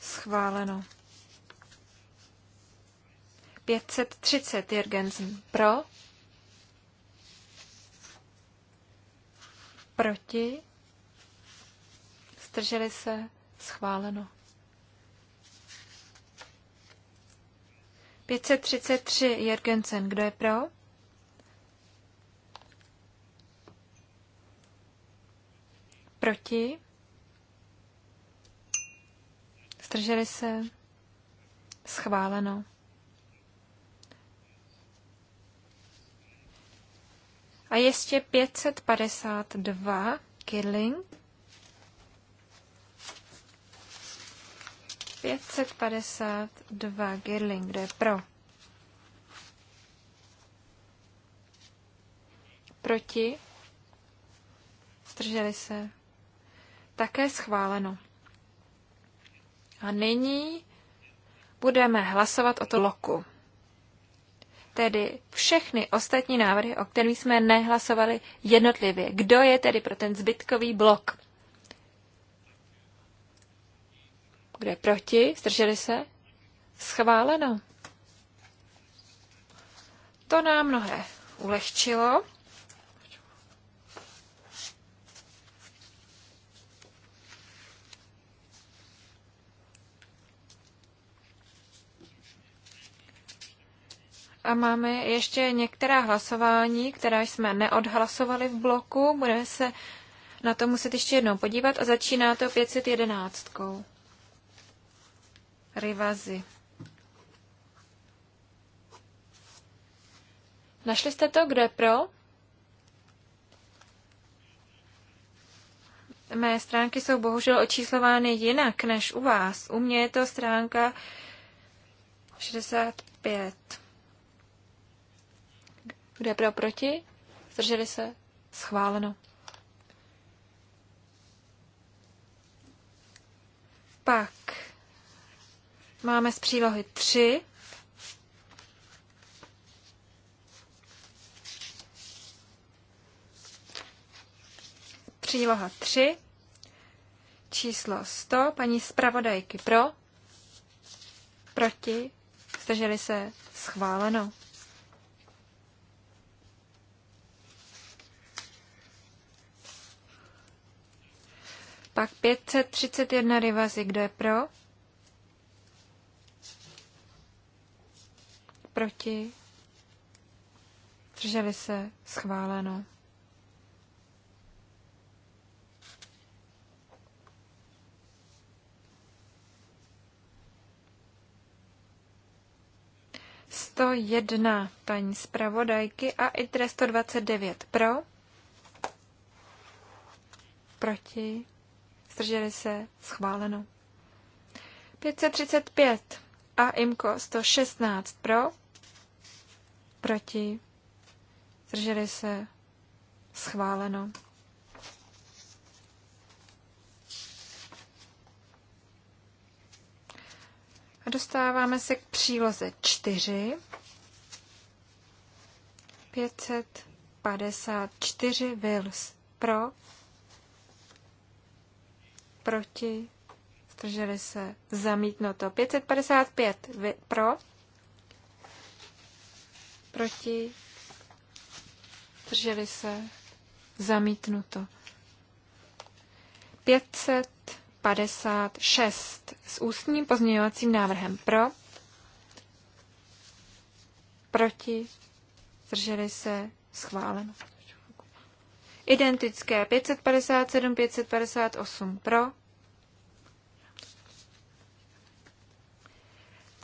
schváleno. 530 Jergensen pro, proti, zdrželi se, schváleno. 533 Jergensen, kdo je pro? Proti? Zdrželi se? Schváleno. A ještě 552 Killing. 552 Girling, kde je pro. Proti. Zdrželi se. Také schváleno. A nyní budeme hlasovat o to loku. Tedy všechny ostatní návrhy, o kterých jsme nehlasovali jednotlivě. Kdo je tedy pro ten zbytkový blok? Kdo je proti? Zdrželi se? Schváleno. To nám mnohé ulehčilo. A máme ještě některá hlasování, která jsme neodhlasovali v bloku. Budeme se na to muset ještě jednou podívat a začíná to 511. Rivazy. Našli jste to, kdo je pro? Mé stránky jsou bohužel očíslovány jinak než u vás. U mě je to stránka 65. Kdo je pro proti? Zdrželi se? Schváleno. Pak máme z přílohy 3. Příloha 3, číslo 100, paní zpravodajky pro, proti, zdrželi se schváleno. Pak 531 rivazy, kdo je pro? Proti? Drželi se? Schváleno. To jedna paní zpravodajky a i 129 pro, proti zdrželi se, schváleno. 535 a IMCO 116 pro, proti, zdrželi se, schváleno. A dostáváme se k příloze 4. 554 Wills pro, proti, zdrželi se, zamítnuto. 555 vy, pro, proti, zdrželi se, zamítnuto. 556 s ústním pozměňovacím návrhem pro, proti, zdrželi se, schváleno. Identické 557, 558 pro.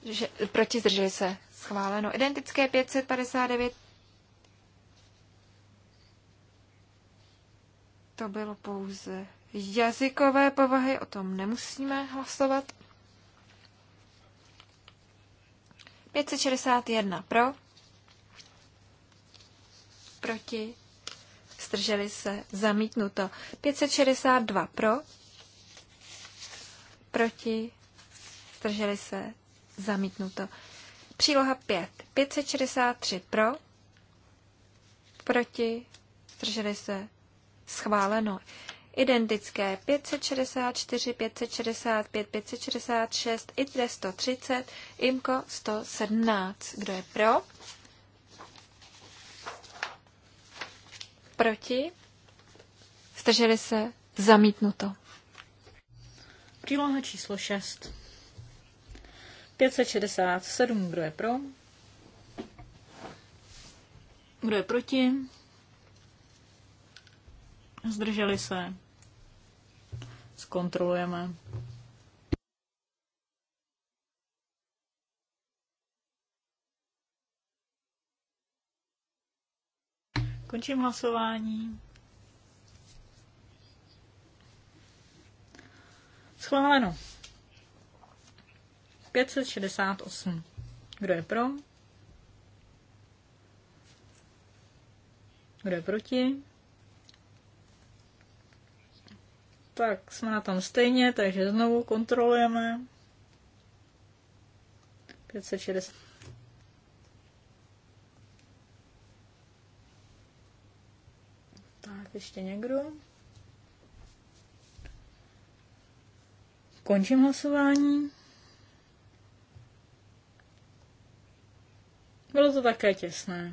Že, proti zdrželi se. Schváleno. Identické 559. To bylo pouze jazykové povahy, o tom nemusíme hlasovat. 561 pro, proti, zdrželi se, zamítnuto. 562 pro, proti, zdrželi se, zamítnuto. Příloha 5. 563 pro, proti, zdrželi se, schváleno. Identické 564, 565, 566, ITRE 130, IMKO 117. Kdo je pro? Proti? Zdrželi se? Zamítnuto. Příloha číslo 6. 567, kdo je pro? Kdo je proti? Zdrželi se? Zkontrolujeme. Končím hlasování. Schváleno. 568. Kdo je pro? Kdo je proti? Tak jsme na tom stejně, takže znovu kontrolujeme. 560. Tak ještě někdo? Končím hlasování. Bylo to také těsné.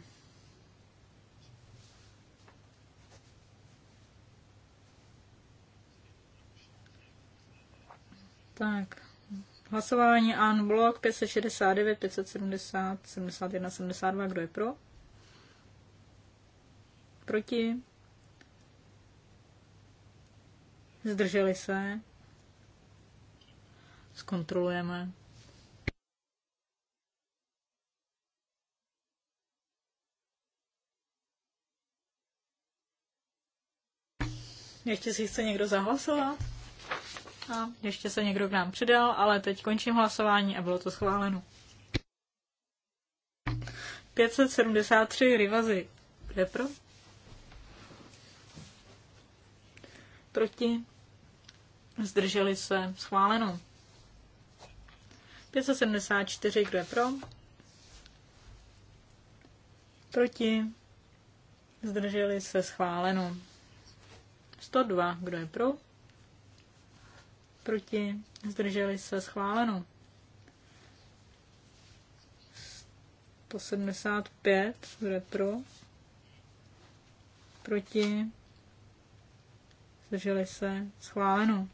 Tak. Hlasování an blok 569, 570, 71, 72. Kdo je pro? Proti? Zdrželi se? Zkontrolujeme. Ještě si chce někdo zahlasovat? A ještě se někdo k nám přidal, ale teď končím hlasování a bylo to schváleno. 573 Rivazy. Kde pro? Proti? Zdrželi se. Schváleno. 574, kdo je pro? Proti? Zdrželi se. Schváleno. 102, kdo je pro? Proti? Zdrželi se. Schváleno. 175, kdo je pro? Proti? zdrželi se, schváleno.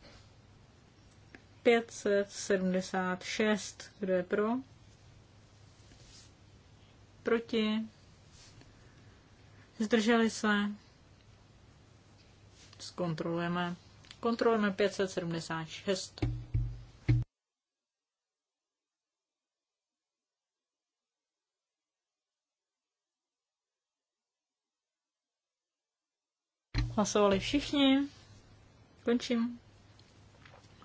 576, kdo je pro? Proti? Zdrželi se? Zkontrolujeme. Kontrolujeme 576. Hlasovali všichni. Končím.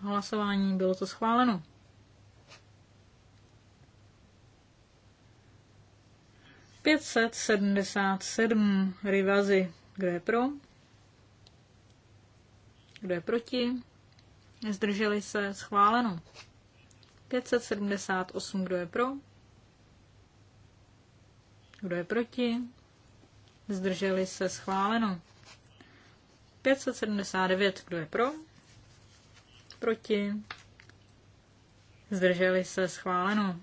Hlasování bylo to schváleno. Pětset sedmdesát sedm rivazy. Kdo je pro? Kdo je proti? Zdrželi se schváleno. 578, kdo je pro? Kdo je proti? Zdrželi se schváleno. 579, kdo je pro? Proti? Zdrželi se schváleno.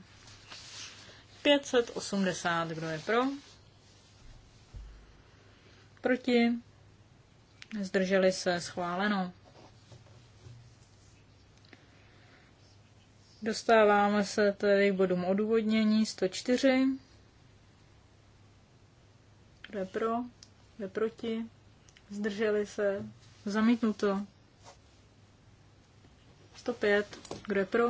580, kdo je pro? Proti? Zdrželi se schváleno. Dostáváme se tedy k bodům odůvodnění 104. Kdo je pro? Kdo je proti? Zdrželi se. Zamítnuto. 105. Kdo je pro?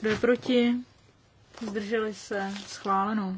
Kdo je proti? Zdrželi se. Schváleno.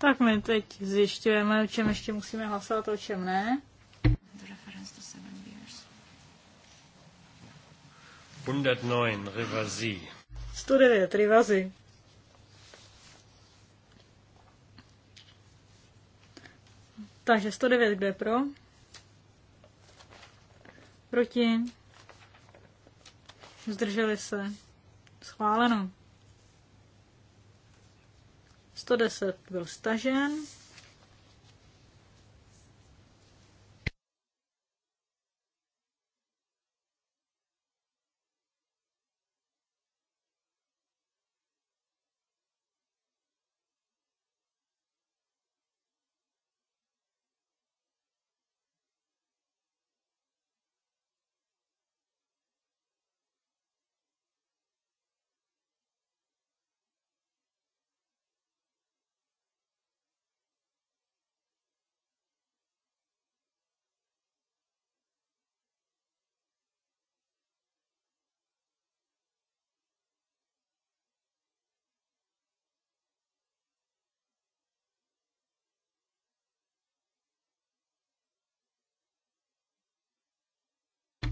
Tak my teď zjišťujeme, o čem ještě musíme hlasovat, o čem ne. Hundert neun Rivasi. 109 Rivasi. Takže 109 kde pro? Proti? Zdrželi se. Schváleno. 110 byl stažen.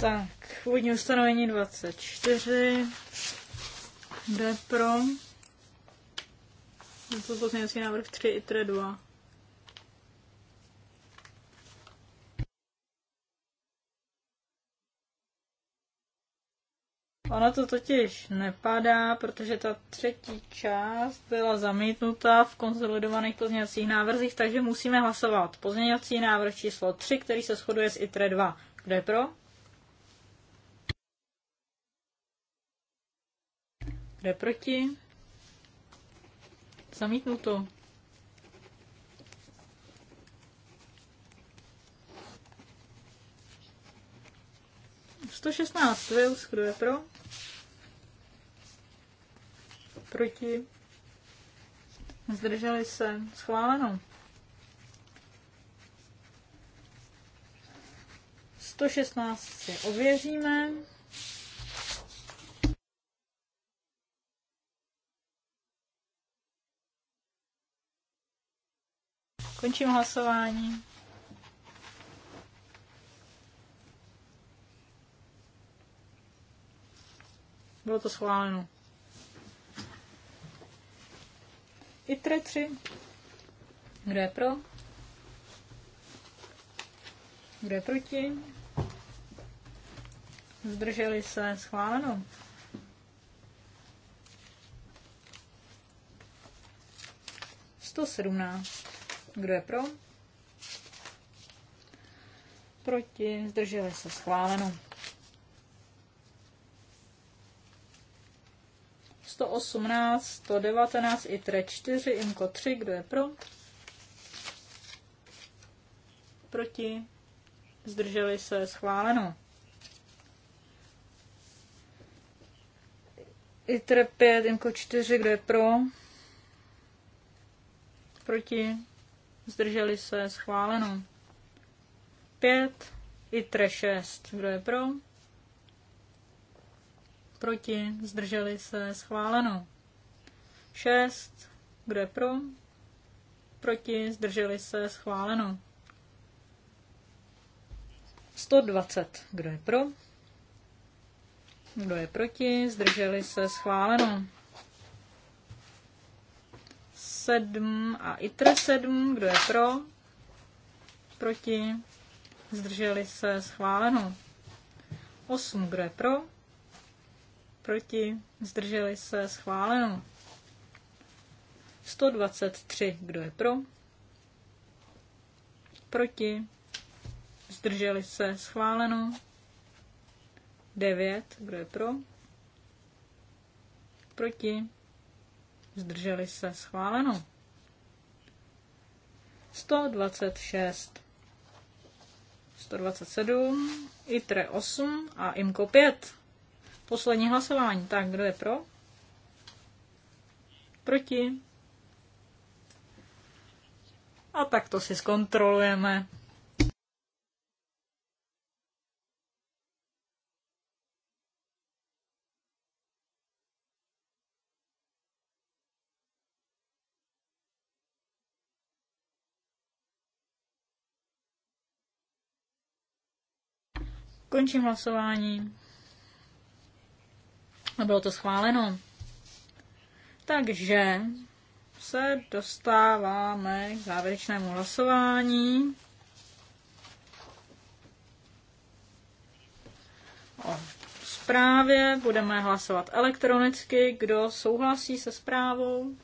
Tak, úvodní ustanovení 24. D pro. Je to pozměňovací návrh 3 i 3 2. Ono to totiž nepadá, protože ta třetí část byla zamítnuta v konsolidovaných pozměňovacích návrzích, takže musíme hlasovat. Pozměňovací návrh číslo 3, který se shoduje s ITRE 2. Kdo je pro? Jde je proti? Zamítnuto. Sto šestnáct, Wales, je pro? Proti? Zdrželi se. Schváleno. 116 si ověříme. Končím hlasování. Bylo to schváleno. ITRE 3. Kdo je pro? Kdo je proti? Zdrželi se schváleno. Sto sedmnáct. Kdo je pro? Proti? Zdrželi se schváleno. 118, 119, i 3, 4, IMKO 3, kdo je pro? Proti? Zdrželi se schváleno. I 3, 5, IMKO 4, kdo je pro? Proti? zdrželi se, schváleno. 5, ITRE 6, kdo je pro? Proti, zdrželi se, schváleno. 6, kdo je pro? Proti, zdrželi se, schváleno. 120, kdo je pro? Kdo je proti? Zdrželi se, schváleno. 7 a ITR 7. Kdo je pro? Proti? Zdrželi se schváleno. 8. Kdo je pro? Proti? Zdrželi se schváleno. 123. Kdo je pro? Proti? Zdrželi se schváleno. 9. Kdo je pro? Proti? zdrželi se, schváleno. 126, 127, ITRE 8 a IMKO 5. Poslední hlasování. Tak, kdo je pro? Proti? A tak to si zkontrolujeme. Končím hlasování. A bylo to schváleno. Takže se dostáváme k závěrečnému hlasování. O zprávě budeme hlasovat elektronicky. Kdo souhlasí se zprávou?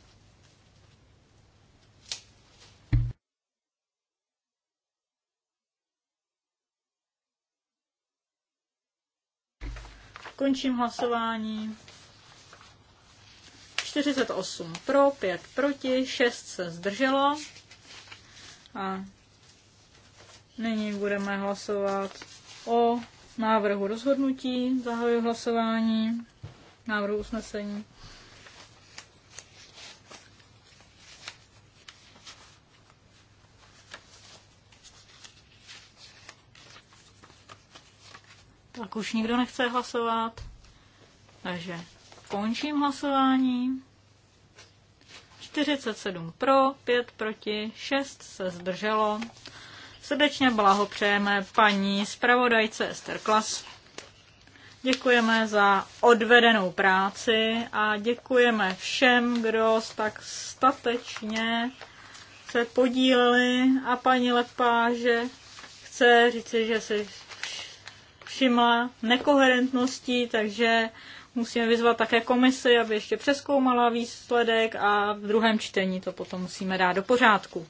Končím hlasování. 48 pro, 5 proti, 6 se zdrželo. A nyní budeme hlasovat o návrhu rozhodnutí. Zahajuji hlasování návrhu usnesení. Tak už nikdo nechce hlasovat. Takže končím hlasování. 47 pro, 5 proti, 6 se zdrželo. Srdečně blahopřejeme paní zpravodajce Ester Klas. Děkujeme za odvedenou práci a děkujeme všem, kdo tak statečně se podíleli a paní Lepá, že chce říci, že si všimla nekoherentnosti, takže musíme vyzvat také komisi, aby ještě přeskoumala výsledek a v druhém čtení to potom musíme dát do pořádku.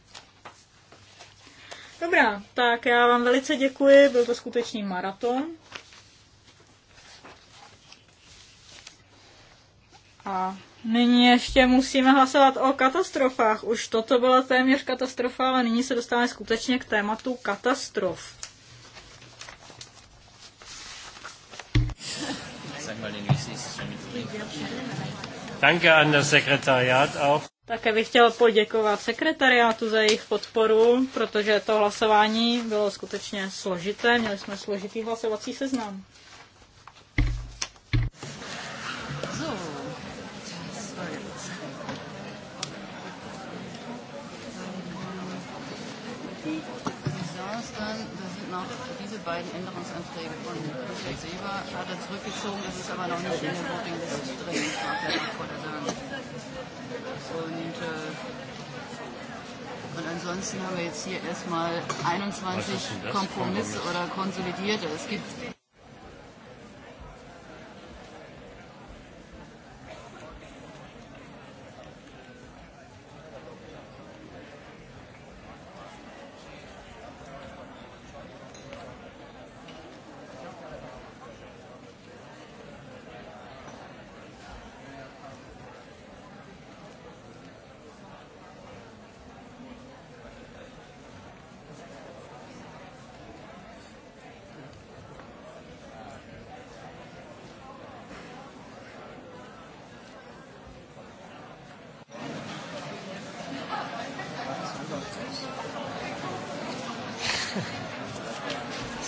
Dobrá, tak já vám velice děkuji, byl to skutečný maraton. A nyní ještě musíme hlasovat o katastrofách. Už toto byla téměř katastrofa, ale nyní se dostáváme skutečně k tématu katastrof. Danke an das Sekretariat auch. Také bych chtěl poděkovat sekretariátu za jejich podporu, protože to hlasování bylo skutečně složité. Měli jsme složitý hlasovací seznam. So, beiden Änderungsanträge von Herrn Seber hat er zurückgezogen. Das ist aber noch nicht in der Voting List drin, vorher sagen. Und, äh, und ansonsten haben wir jetzt hier erstmal 21 Kompromisse oder konsolidierte. Es gibt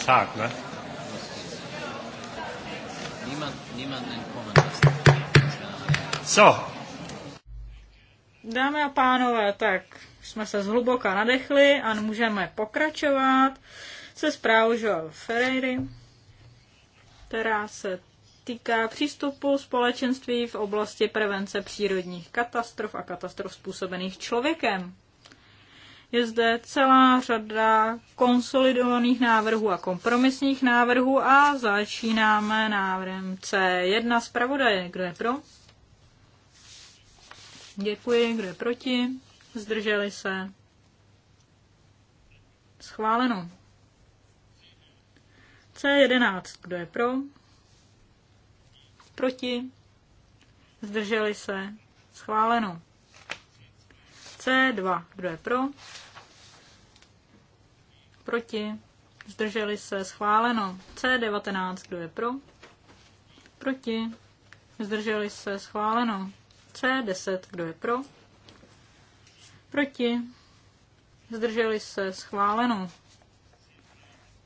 Tag, ne? Niemand, niemanden kommen So. Dámy a pánové, tak jsme se zhluboka nadechli a můžeme pokračovat se zprávou Joel Ferreira, která se týká přístupu společenství v oblasti prevence přírodních katastrof a katastrof způsobených člověkem. Je zde celá řada konsolidovaných návrhů a kompromisních návrhů a začínáme návrhem C1 zpravodaje. Kdo je pro? Děkuji. Kdo je proti? Zdrželi se? Schváleno. C11. Kdo je pro? Proti? Zdrželi se? Schváleno. 2 Kdo je pro? Proti? Zdrželi se? Schváleno. C19. Kdo je pro? Proti? Zdrželi se? Schváleno. C10. Kdo je pro? Proti? Zdrželi se? Schváleno.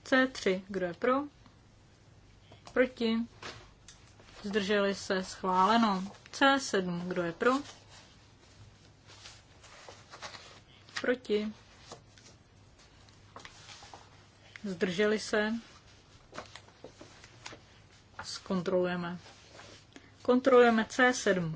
C3. Kdo je pro? Proti? Zdrželi se? Schváleno. C7. Kdo je pro? Proti? Zdrželi se? Zkontrolujeme. Kontrolujeme C7.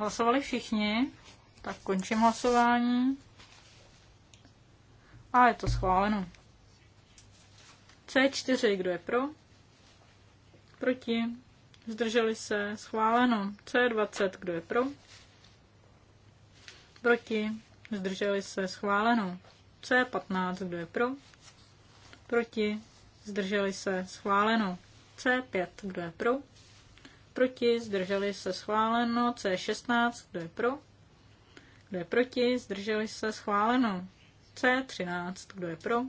Hlasovali všichni, tak končím hlasování. A je to schváleno. C4, kdo je pro? Proti? Zdrželi se? Schváleno. C20, kdo je pro? Proti? Zdrželi se? Schváleno. C15, kdo je pro? Proti? Zdrželi se? Schváleno. C5, kdo je pro? proti, zdrželi se schváleno, C16, kdo je pro, kdo je proti, zdrželi se schváleno, C13, kdo je pro,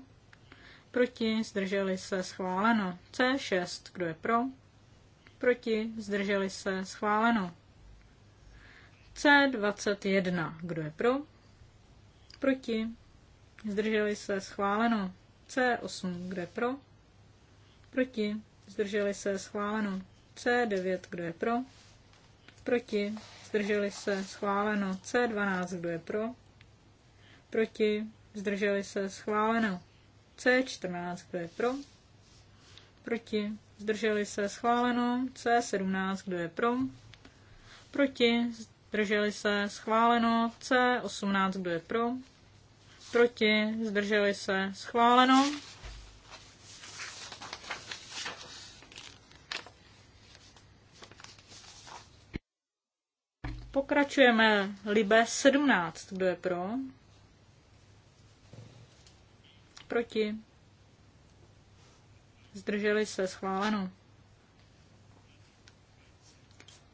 proti, zdrželi se schváleno, C6, kdo je pro, proti, zdrželi se schváleno, C21, kdo je pro, proti, zdrželi se schváleno, C8, kdo je pro, proti, zdrželi se schváleno. C9, kdo je pro? Proti. Zdrželi se. Schváleno. C12, kdo je pro? Proti. Zdrželi se. Schváleno. C14, kdo je pro? Proti. Zdrželi se. Schváleno. C17, kdo je pro? Proti. Zdrželi se. Schváleno. C18, kdo je pro? Proti. Zdrželi se. Schváleno. Pokračujeme Libe 17. Kdo je pro? Proti? Zdrželi se schváleno.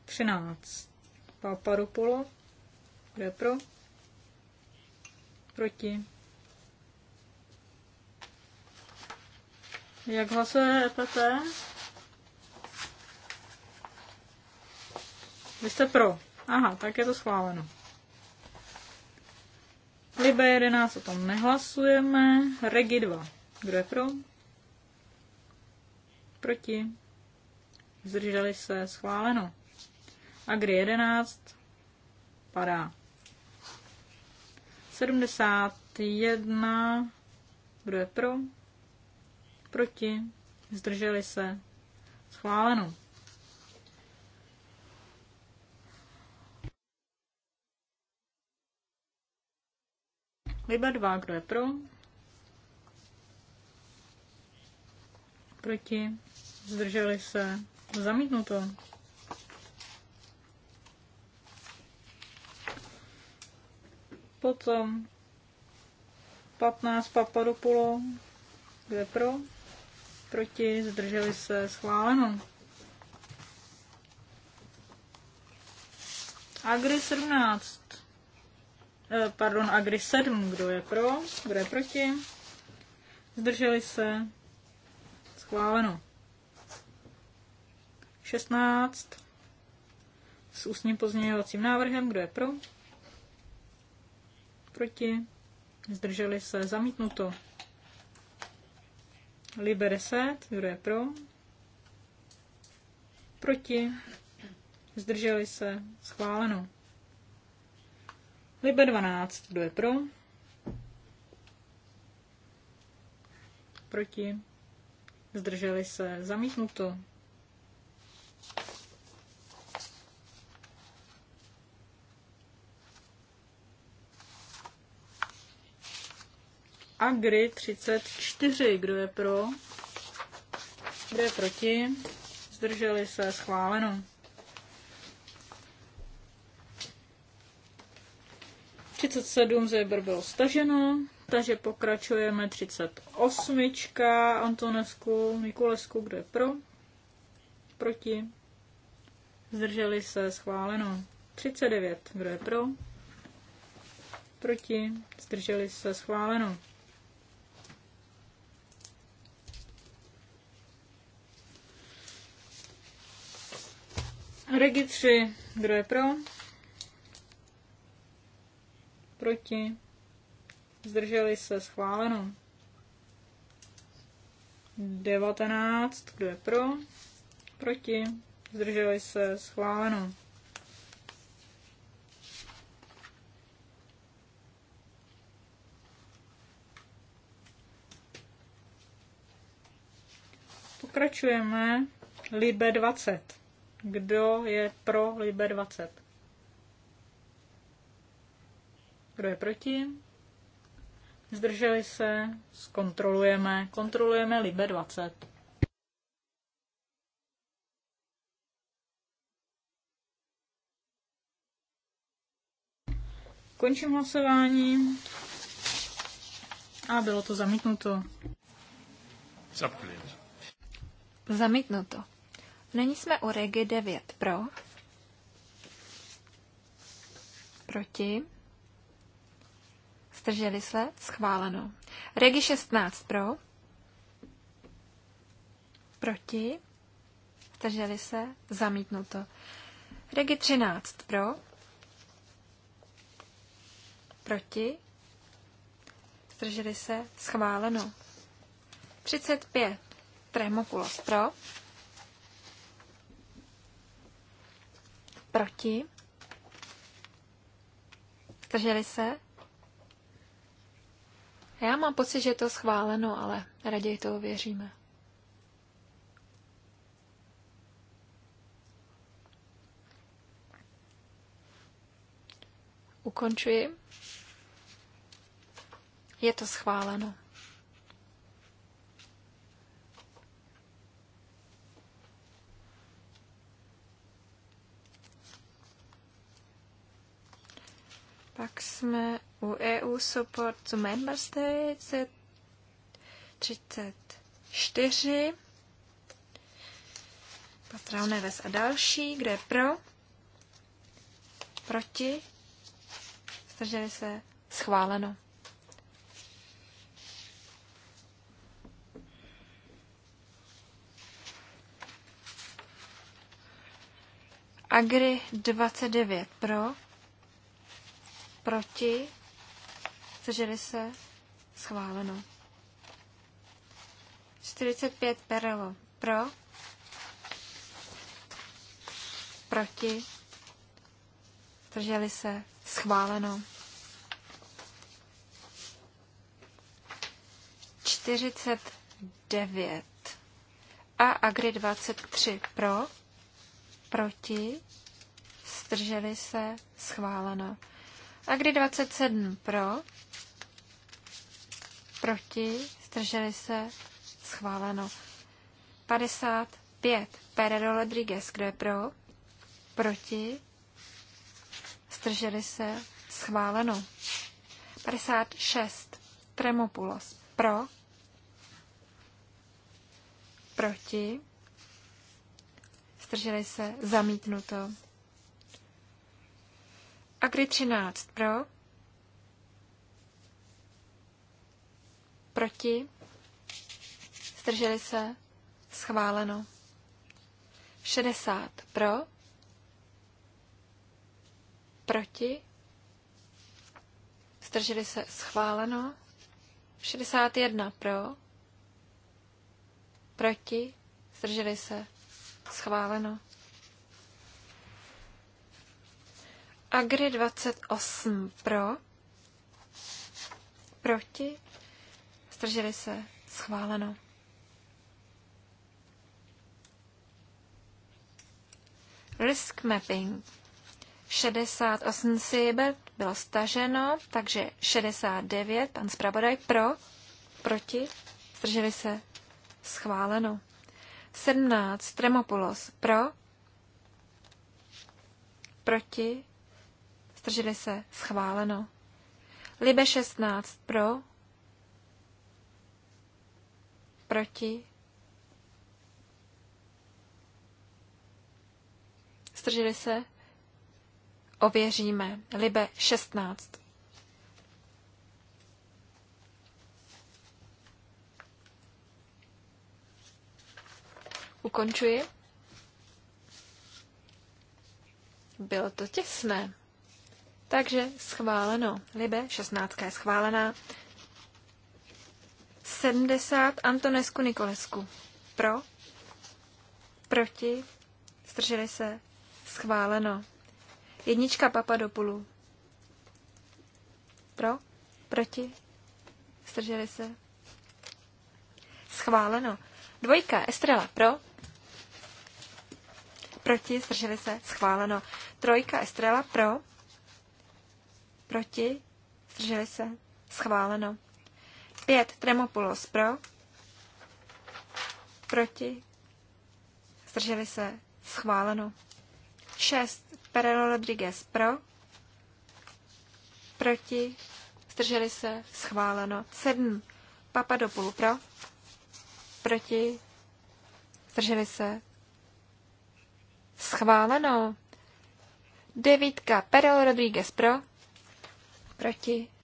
13. Paparopolo. Kdo je pro? Proti? Jak hlasuje EPP? Vy jste pro. Aha, tak je to schváleno. Libe 11 o tom nehlasujeme. Regi 2. Kdo je pro? Proti. Zdrželi se. Schváleno. Agri 11. Padá. 71. Kdo je pro? Proti. Zdrželi se. Schváleno. Liba dva, kdo je pro? Proti? Zdrželi se? Zamítnuto. Potom 15 papadopulo, kde pro? Proti? Zdrželi se? Schváleno. Agri 17. Eh, pardon, Agri 7, kdo je pro, kdo je proti, zdrželi se, schváleno. 16 s ústním pozměňovacím návrhem, kdo je pro, proti, zdrželi se, zamítnuto. Libe 10, kdo je pro, proti, zdrželi se, schváleno. Libe 12, kdo je pro? Proti? Zdrželi se. Zamítnuto. Agri 34, kdo je pro? Kdo je proti? Zdrželi se. Schváleno. 37 zebr bylo staženo, takže pokračujeme 38. Antonesku Nikolesku, kdo je pro? Proti? Zdrželi se, schváleno. 39, kdo je pro? Proti? Zdrželi se, schváleno. Regi 3, kdo je pro? proti, zdrželi se schváleno. 19, kdo je pro, proti, zdrželi se schváleno. Pokračujeme Libe 20. Kdo je pro Libe 20? Kdo je proti? Zdrželi se? Zkontrolujeme. Kontrolujeme Libe 20. Končím hlasování. A bylo to zamítnuto. Zapklid. Zamítnuto. Není jsme u Regi 9 pro. Proti. Zdrželi se? Schváleno. Regi 16 pro. Proti. Zdrželi se? Zamítnuto. Regi 13 pro. Proti. Zdrželi se? Schváleno. 35. Tremopulos pro. Proti. Zdrželi se? Já mám pocit, že je to schváleno, ale raději to ověříme. Ukončuji. Je to schváleno. Pak jsme u EU support to member states je 34. Patrão Neves a další. Kde je pro? Proti? Zdrželi se? Schváleno. Agri 29 pro, proti, Zdrželi se? Schváleno. 45 perelo. Pro? Proti? Zdrželi se? Schváleno. 49 a Agri 23 pro, proti, zdrželi se, schváleno. Agri 27 pro, proti, zdrželi se, schváleno. 55. Perero Rodriguez, kdo je pro, proti, zdrželi se, schváleno. 56. Tremopulos, pro, proti, zdrželi se, zamítnuto. Agri 13 pro, Proti? Zdrželi se? Schváleno. 60 pro? Proti? Zdrželi se? Schváleno. 61 pro? Proti? Zdrželi se? Schváleno. Agri 28 pro? Proti? Zdrželi se? Schváleno. Risk mapping. 68 Siebert bylo staženo, takže 69, pan zpravodaj, pro, proti, zdrželi se, schváleno. 17 Tremopulos, pro, proti, zdrželi se, schváleno. Libe 16, pro, Proti? Zdrželi se? Ověříme. Libe 16. Ukončuji. Bylo to těsné. Takže schváleno. Libe 16. je schválená. 70 Antonesku Nikolesku. Pro? Proti? Zdrželi se? Schváleno. Jednička papa do půlu. Pro? Proti? Zdrželi se? Schváleno. Dvojka Estrela. Pro? Proti? Zdrželi se? Schváleno. Trojka Estrela. Pro? Proti? Zdrželi se? Schváleno. 5. Tremopulos pro. Proti. Zdrželi se. Schváleno. 6. Perelo Rodriguez pro. Proti. Zdrželi se. Schváleno. 7. Papadopoulos pro. Proti. Zdrželi se. Schváleno. 9 Perelo Rodriguez pro. Proti.